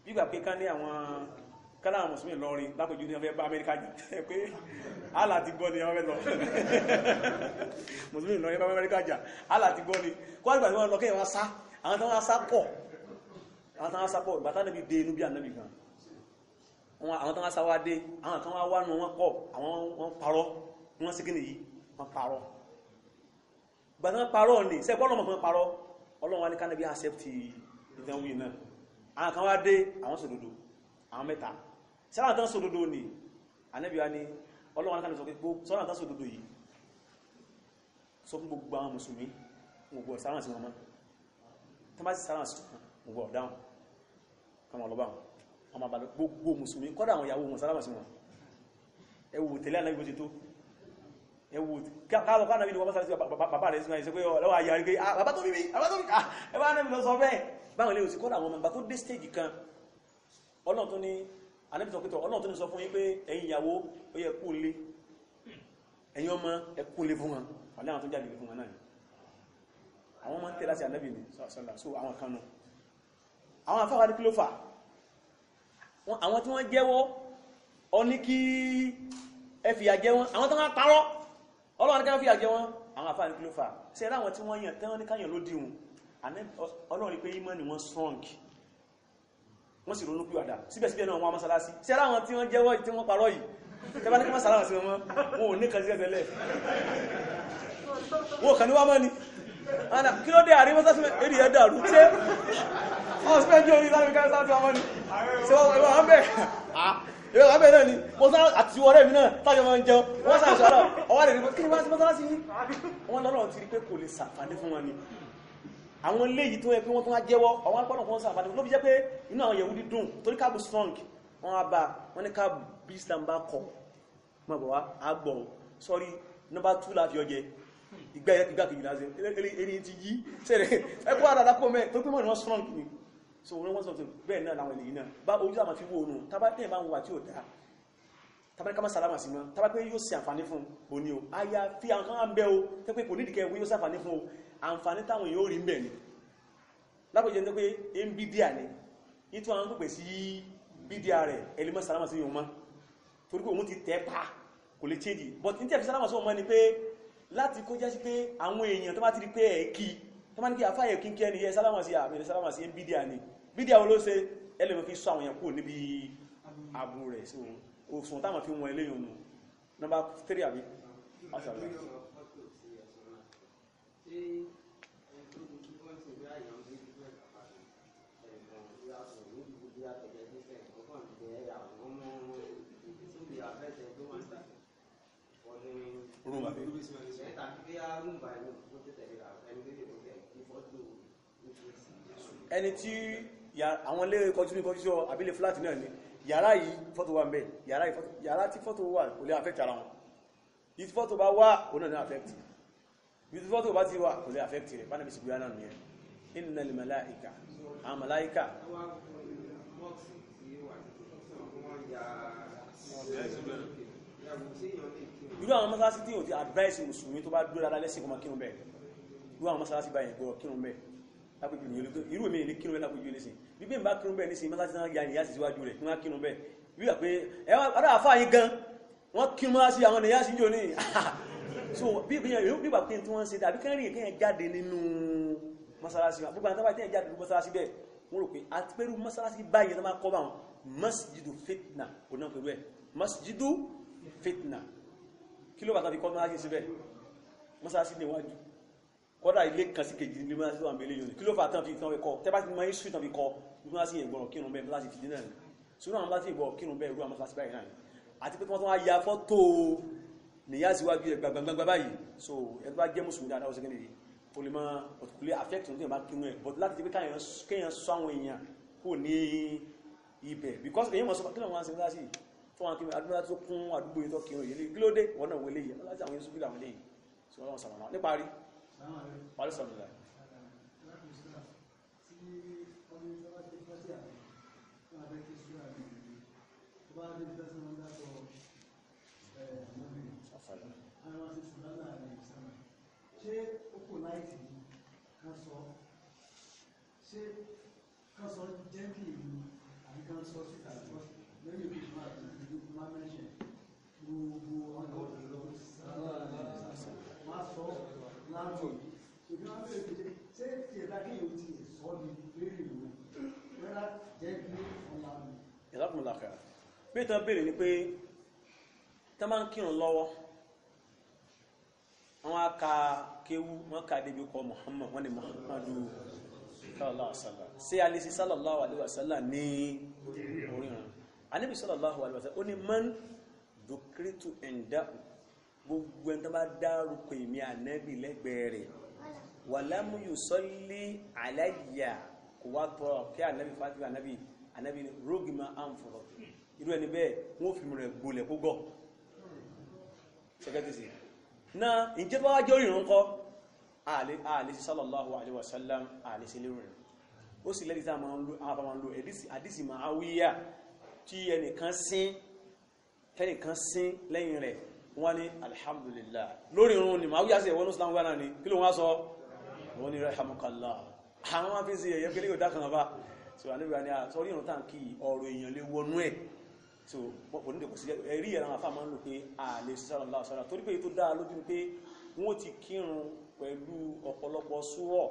B: bígbà pé ká ní àwọn kálá àwọn mùsùlùmí lọrin lápẹjú ní ọfẹ́ bá amẹ́ríkà jù pé àlà ti gbọ́ ni ọfẹ́ lọ mùsùlùmí lọrin bá amẹ́ríkà jà àlà ti gbọ́ ni kó àgbà tí wọ́n lọ kéèyàn sá àwọn táwọn sá pọ̀ àwọn táwọn sá pọ̀ ìgbà táwọn níbi dé inú bí ànábì gan àwọn táwọn sá wá dé àwọn kan wá wá nu wọn pọ̀ àwọn wọn parọ́ wọn sí kí nìyí wọn parọ́ ìgbà táwọn parọ́ ni sẹ́kọ́ lọ́mọ̀ fún parọ́ ọlọ́run wá ní kánàbí accept ìdánwò náà àwọn kan wá dé àwọn sòdodo àwọn mẹ́ta sẹ́wọ̀n tán sòdodo ni ànábì wá ní ọlọ́run wá ní kánàbí sọ pé sọ́wọ́n tán sòdodo yìí sọ fún gbogbo àwọn mùsùlùmí gbogbo ọ̀sáràn sí wọn mọ́ tó bá sì sáràn sí gbogbo ọ̀dáhùn kọmọ ọlọ́bà wọn ọmọ àbálẹ̀ gbogbo mùsùlùmí kọ́dà àwọn ìyàwó wọn sáràn sí wọn ẹwù tẹ̀lé ànábì bó ti tó ẹwò káàkọ́ kánàbí ni wọ́n sáré sí bàbá rẹ̀ sínú àìsẹ́ pé oh, ọlọ́wà ayà rí pé ah, bàbá tó bíbí bàbá tó bíbí ah, ẹbá náà lọ sọ bẹ́ẹ̀ báwọn ilé òsì kọ́nà àwọn ọmọ tó dé stage kan ọlọ́run tó ní anẹ́bìtọ̀kítọ̀ ọlọ́run tó ní sọ fún yín pé ẹ̀yin ìyàwó ó yẹ kú lé ẹ̀yin ọmọ ẹ kú lé fún wọn wàlẹ́ àwọn tó jáde lé fún wọn náà ni àwọn ọmọ ń tẹ̀lé àti anẹ́bì ni sọ̀lá so àwọn kan nù àwọn afáwárí kí ló fà àwọn tí wọ́n jẹ́wọ́ ọ ní kí ẹ fìyà jẹ wọn àwọn tó ń parọ́ ọlọ́run kan fi àjẹ wọn àwọn àfáà ní kí ló fà ṣe ẹ̀rọ àwọn tí wọ́n yàn tán ní káyàn ló dìhun ọlọ́run pé imọ́ ni wọ́n strong wọ́n sì ronú pí ọ̀dà síbẹ̀síbẹ̀ náà wọ́n amásálásí ṣe ẹ̀rọ àwọn tí wọ́n jẹ́wọ́ tí wọ́n parọ́ yìí tẹ́bá ní kí másálá sí wọn wọn ò ní kan sí ẹ̀tẹ́lẹ̀ wọn kàn ní wá mọ́ ni ana kí ló dé àríwọ́ sásímẹ̀ èdè ẹ̀dà rú ṣe ọ̀sẹ̀ jẹ́ orí láti ìwé ọ̀gá bẹ́ẹ̀ náà ni mo sá àti ọ̀rẹ́ mi náà tájọ máa jẹun wọ́n sá ìṣọ́rọ̀ ọwọ́ rẹ̀ kí wọ́n ti mọ́sálásí yìí wọ́n lọ́rọ̀ ti rí pé kò lè sàǹfààní fún wọn ni àwọn eléyìí tó yẹ pé wọ́n tún wá jẹ́wọ́ àwọn apọ́nà kan sàǹfààní ló fi jẹ́ pé inú àwọn yẹ̀wù dídùn torí káàbù strong wọ́n á bá wọ́n ní káàbù bí islam bá kọ̀ mọ̀ bọ̀ wá á gbọ̀ sọ́rí nọ́mbà tú láfi ọjẹ́ ìgbà ìgbà kejì ti yí sẹ́rẹ̀ ẹ̀kọ́ àdàdà pọ̀ mẹ́ tó pé mọ̀ ní wọ́n strong ni so wọ́n wọ́n sọ̀tún bẹ́ẹ̀ náà láwọn èlèyìn náà bá ojú àmà fi wó oòrùn tàbá tẹ́ bá ń wà tí ó dáa tàbá ní ká má sàlámà sí mọ́ tàbá pé yóò ṣe àǹfààní fún o ní o aya fi àwọn kan bẹ́ o tẹ́ pé kò nídìíkẹ́ wí yóò ṣàǹfààní fún o àǹfààní táwọn yóò rí mbẹ̀ ni lápòjẹ́ ní pé ń bí díà ni ìtú àwọn pèpè sí bí díà rẹ̀ ẹni má sàlámà sí yòó mọ́ torí pé òun ti tẹ́ pa kò lè chéjì but ní tí a fi sàlámà sí òun mọ́ ni pé láti kó jásí pé àwọn èèyàn tó bá ti rí pé ẹ̀ kí tó má ní kí àfáyẹ̀ kí n kẹ́ ni ẹ sálámà sí àmìrì sálámà sí bídíà ni bídíà wo ló ṣe ẹlẹ́mọ̀ fi sọ àwọn èèyàn kúrò níbi àbú rẹ̀ sí òun òfin táwọn fi wọn eléyìn nù nọmba ẹni tí àwọn ilé kọjú ní kọjú sí ọ àbílẹ̀ fúláàtì náà ni yàrá yìí fọ́tò wà ń bẹ̀ yàrá tí fọ́tò wà kò lè affect ara wọn ìtí fọ́tò bá wà kò náà ní affect ìtí fọ́tò bá ti wà kò lè affect rẹ̀ bá nàbí sí gbéra náà nìyẹn innal malaika àwọn malaika irú àwọn mọ́sálásí tí yóò ti advice mùsùlùmí tó bá dúró dáadáa lẹ́sìn kọmọ kírun bẹ́ẹ̀ irú àwọn mọ́sálásí báyìí gbọ́ kírun bẹ́ẹ̀ lápẹjù ní olóòtú irú èmi ní kírun bẹ́ẹ̀ lápẹjù ní sin bí bí n bá kírun bẹ́ẹ̀ ní sin mọ́sáàsì náà ya nìyá sì síwájú rẹ̀ fún wa kírun bẹ́ẹ̀ bí wà pé ọ̀dọ̀ àfáà yín gan wọ́n kírun mọ́sáàsì àwọn nìyá sì jò ní so bí bí yẹn bí wà pé tí wọ́n ń ṣe tàbí kẹrin kẹyìn jáde nínú mọ́sáàsì wa gbogbo àwọn tábàtì yẹn jáde nínú mọ́sáàsì bẹ́ẹ̀ wọ́n rò pé àti pẹ̀lú mọ́sáàsì báyìí tó máa kọ́ bá wọn masjidu fitna kò náà pẹ̀lú ẹ̀ masjidu fitna kí ló bàtà fi kọ́ mọ́sáàsì síbẹ̀ mọ́sáàsì níwájú kódà ilé kan sí kejì ní mọ́sálásí wà mẹ́lẹ́ yòóni kí ló fà tán fi tán fi kọ́ tẹ́ bá ti mọ iṣu tán fi kọ́ mọ́sálásí ìgbọ̀rọ̀ kírun bẹ́ẹ̀ mọ́sálásí fìdí náà ni sùnú àwọn mọ́sálásí ìgbọ̀rọ̀ kírun bẹ́ẹ̀ rú àwọn mọ́sálásí báyìí náà ni àti pé kí wọ́n tán wá ya fọ́tò nìyá síwájú ẹ̀ gbàgbàgbà báyìí so ẹ bá jẹ́ mùsùlùmí dáadáa ó ṣe kéde o lè máa ọ̀tùkúlé affect ní ìbá kírun ẹ̀ but láti pé kéèyàn sọ àwọn èèyàn kò ní ibẹ̀ because èèyàn mọ̀ sọ kí lóun wá ń ṣe mọ́sálásí fún àwọn akínrin adúlá tó kún àdúgbò yìí tó kírun yìí kí ló dé wọn náà wọlé yìí aláṣẹ àwọn yẹn sùn bí làwọn lè yìí sọ wọn sàmàmà níparí wàlú sọ̀rọ̀ rẹ̀. ṣé
A: landlord ṣùgbọ́n
B: wọ́n bẹ̀rẹ̀ pé ni pé tá máa ń kírun lọ́wọ́ àwọn aka kéwú wọn kà débi kọ Muhammad wọn ni Muhammadu sallallahu alaihi wasallam ṣé alisi sallallahu alaihi wasallam ní orin rẹ anibi sallallahu alaihi wasallam ó ní man dukritu ẹ̀ńdá òkú gbogbo ẹni tó bá dárúkọ èmi ànábì lẹ́gbẹ̀ẹ́ rẹ̀ wàlámù yóò sọ́lé àlàyà kò wá tọrọ kí ànábì fatima ànábì ànábì ni rogima amfọ̀rọ̀ irú ẹni bẹ́ẹ̀ wọ́n fi mọ̀ rẹ̀ gbolẹ̀ kó gọ̀ náà ìjẹ́ bá wá jẹ́ òrìrùn kọ́ àlèsí sallallahu alaihi wasallam àlèsí lérùn ó sì lẹ́dí sáà máa ń lo àdìsí máa wíyà tí ẹnìkan sín lẹ́yìn rẹ̀ wọ́n ní alhamdulillah lórí irun ni màáwí àti ẹ̀wọ́n islam wẹ́nà ni kí ló wá sọ wọ́n ní rahamukallah àwọn máa fi ń ṣe ẹ̀yẹ́ pé léyò dákan bá so àníbà ni àtọ́rí ah, irun tàn kí ọ̀rọ̀ èèyàn lè wọnú ẹ̀ so kò ní dẹ̀kọ̀ sí ẹ̀rí ẹ̀rọ àfà máa ń lò pé a lè sọ́rọ̀ lọ́wọ́ sọ́rọ̀ torí pé tó dáa lójú ni pé wọ́n ti kírun pẹ̀lú ọ̀pọ̀lọpọ̀ súrọ̀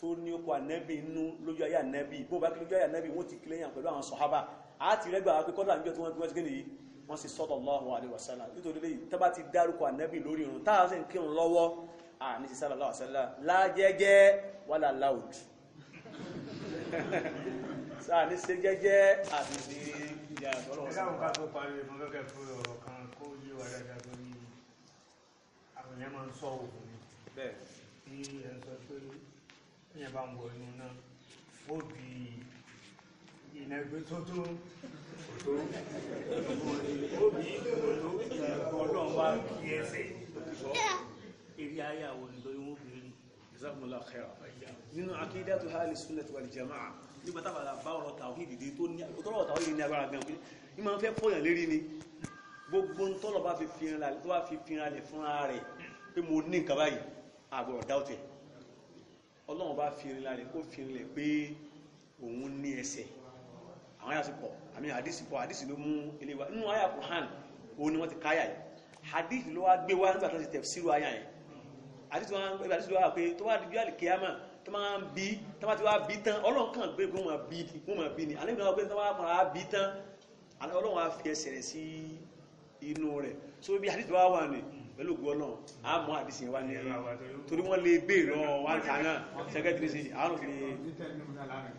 B: tó ní okò ànẹ́bì inú lójú ayé ànẹ́bì bó bá kí lójú ayé ànẹ́bì wọ́n ti kílẹ̀yàn pẹ̀lú àwọn sọ̀hábà á ti rẹ́gbà pé kọ́dà níjọ́ tí wọ́n ti gẹ́ nìyí wọ́n sì sallallahu alaihi wasallam nítorí lẹ́yìn tó bá ti dárúkọ ànábì lórí irun táà sì ń kírun lọ́wọ́ àní sí sallallahu alaihi wasallam lájẹ́jẹ́ wala loud sáà
A: jẹ́jẹ́ àti ìnẹgbẹtótó òtó òbí
B: òtó Ọlọ́run bá kí ẹsẹ̀ sọ eré ayé àwọn olùdórí wọn bèrè ìsàkùnlá kẹrà nínú akéde àti hali sunet wal jamaa nígbà táwọn àbá ọ̀rọ̀ tàwọn ìdìdí tó ní ọ̀rọ̀ tàwọn ìdìdí ní agbára gan pé ní máa ń fẹ́ fọyàn lérí ni gbogbo ń tọ́lọ̀ bá fi fìrìnlá tó bá fi fìrìnlá lè fúnra pé mo ní nǹkan báyìí àgbọ̀rọ̀ dáwọ̀tẹ̀ Ọlọ́run bá fìrìnlá rẹ̀ kó fìrìnlẹ̀ pé òun ní ẹsẹ̀ àwọn àyà sì pọ̀ àmì àdìsí pọ̀ àdìsí ló mú ilé wa nínú àyà Qur'an òun ni wọ́n ti káyà yìí àdìsí ló wá gbé wá nígbà tó ti tẹ̀ sírò àyà yẹn àdìsí wọn ẹgbẹ́ àdìsí ló wá pé tó bá di bíálì kíámà tó máa ń bí tó máa ti wá bí tán ọlọ́run kàn gbé kó máa bí ni kó máa bí ni àlẹ́ ìgbà pé tó máa máa bí tán ọlọ́run á fi ẹsẹ̀ rẹ̀ sí inú rẹ̀ so bí àdìsí wa wà ní pẹ̀lú ògùn ọlọ́run á mọ àdìsí wa ní ẹ̀rọ torí wọ́n lè gbé ìrọ̀ wa ń ta náà sẹ́kẹ́tìrì àwọn
A: òfin.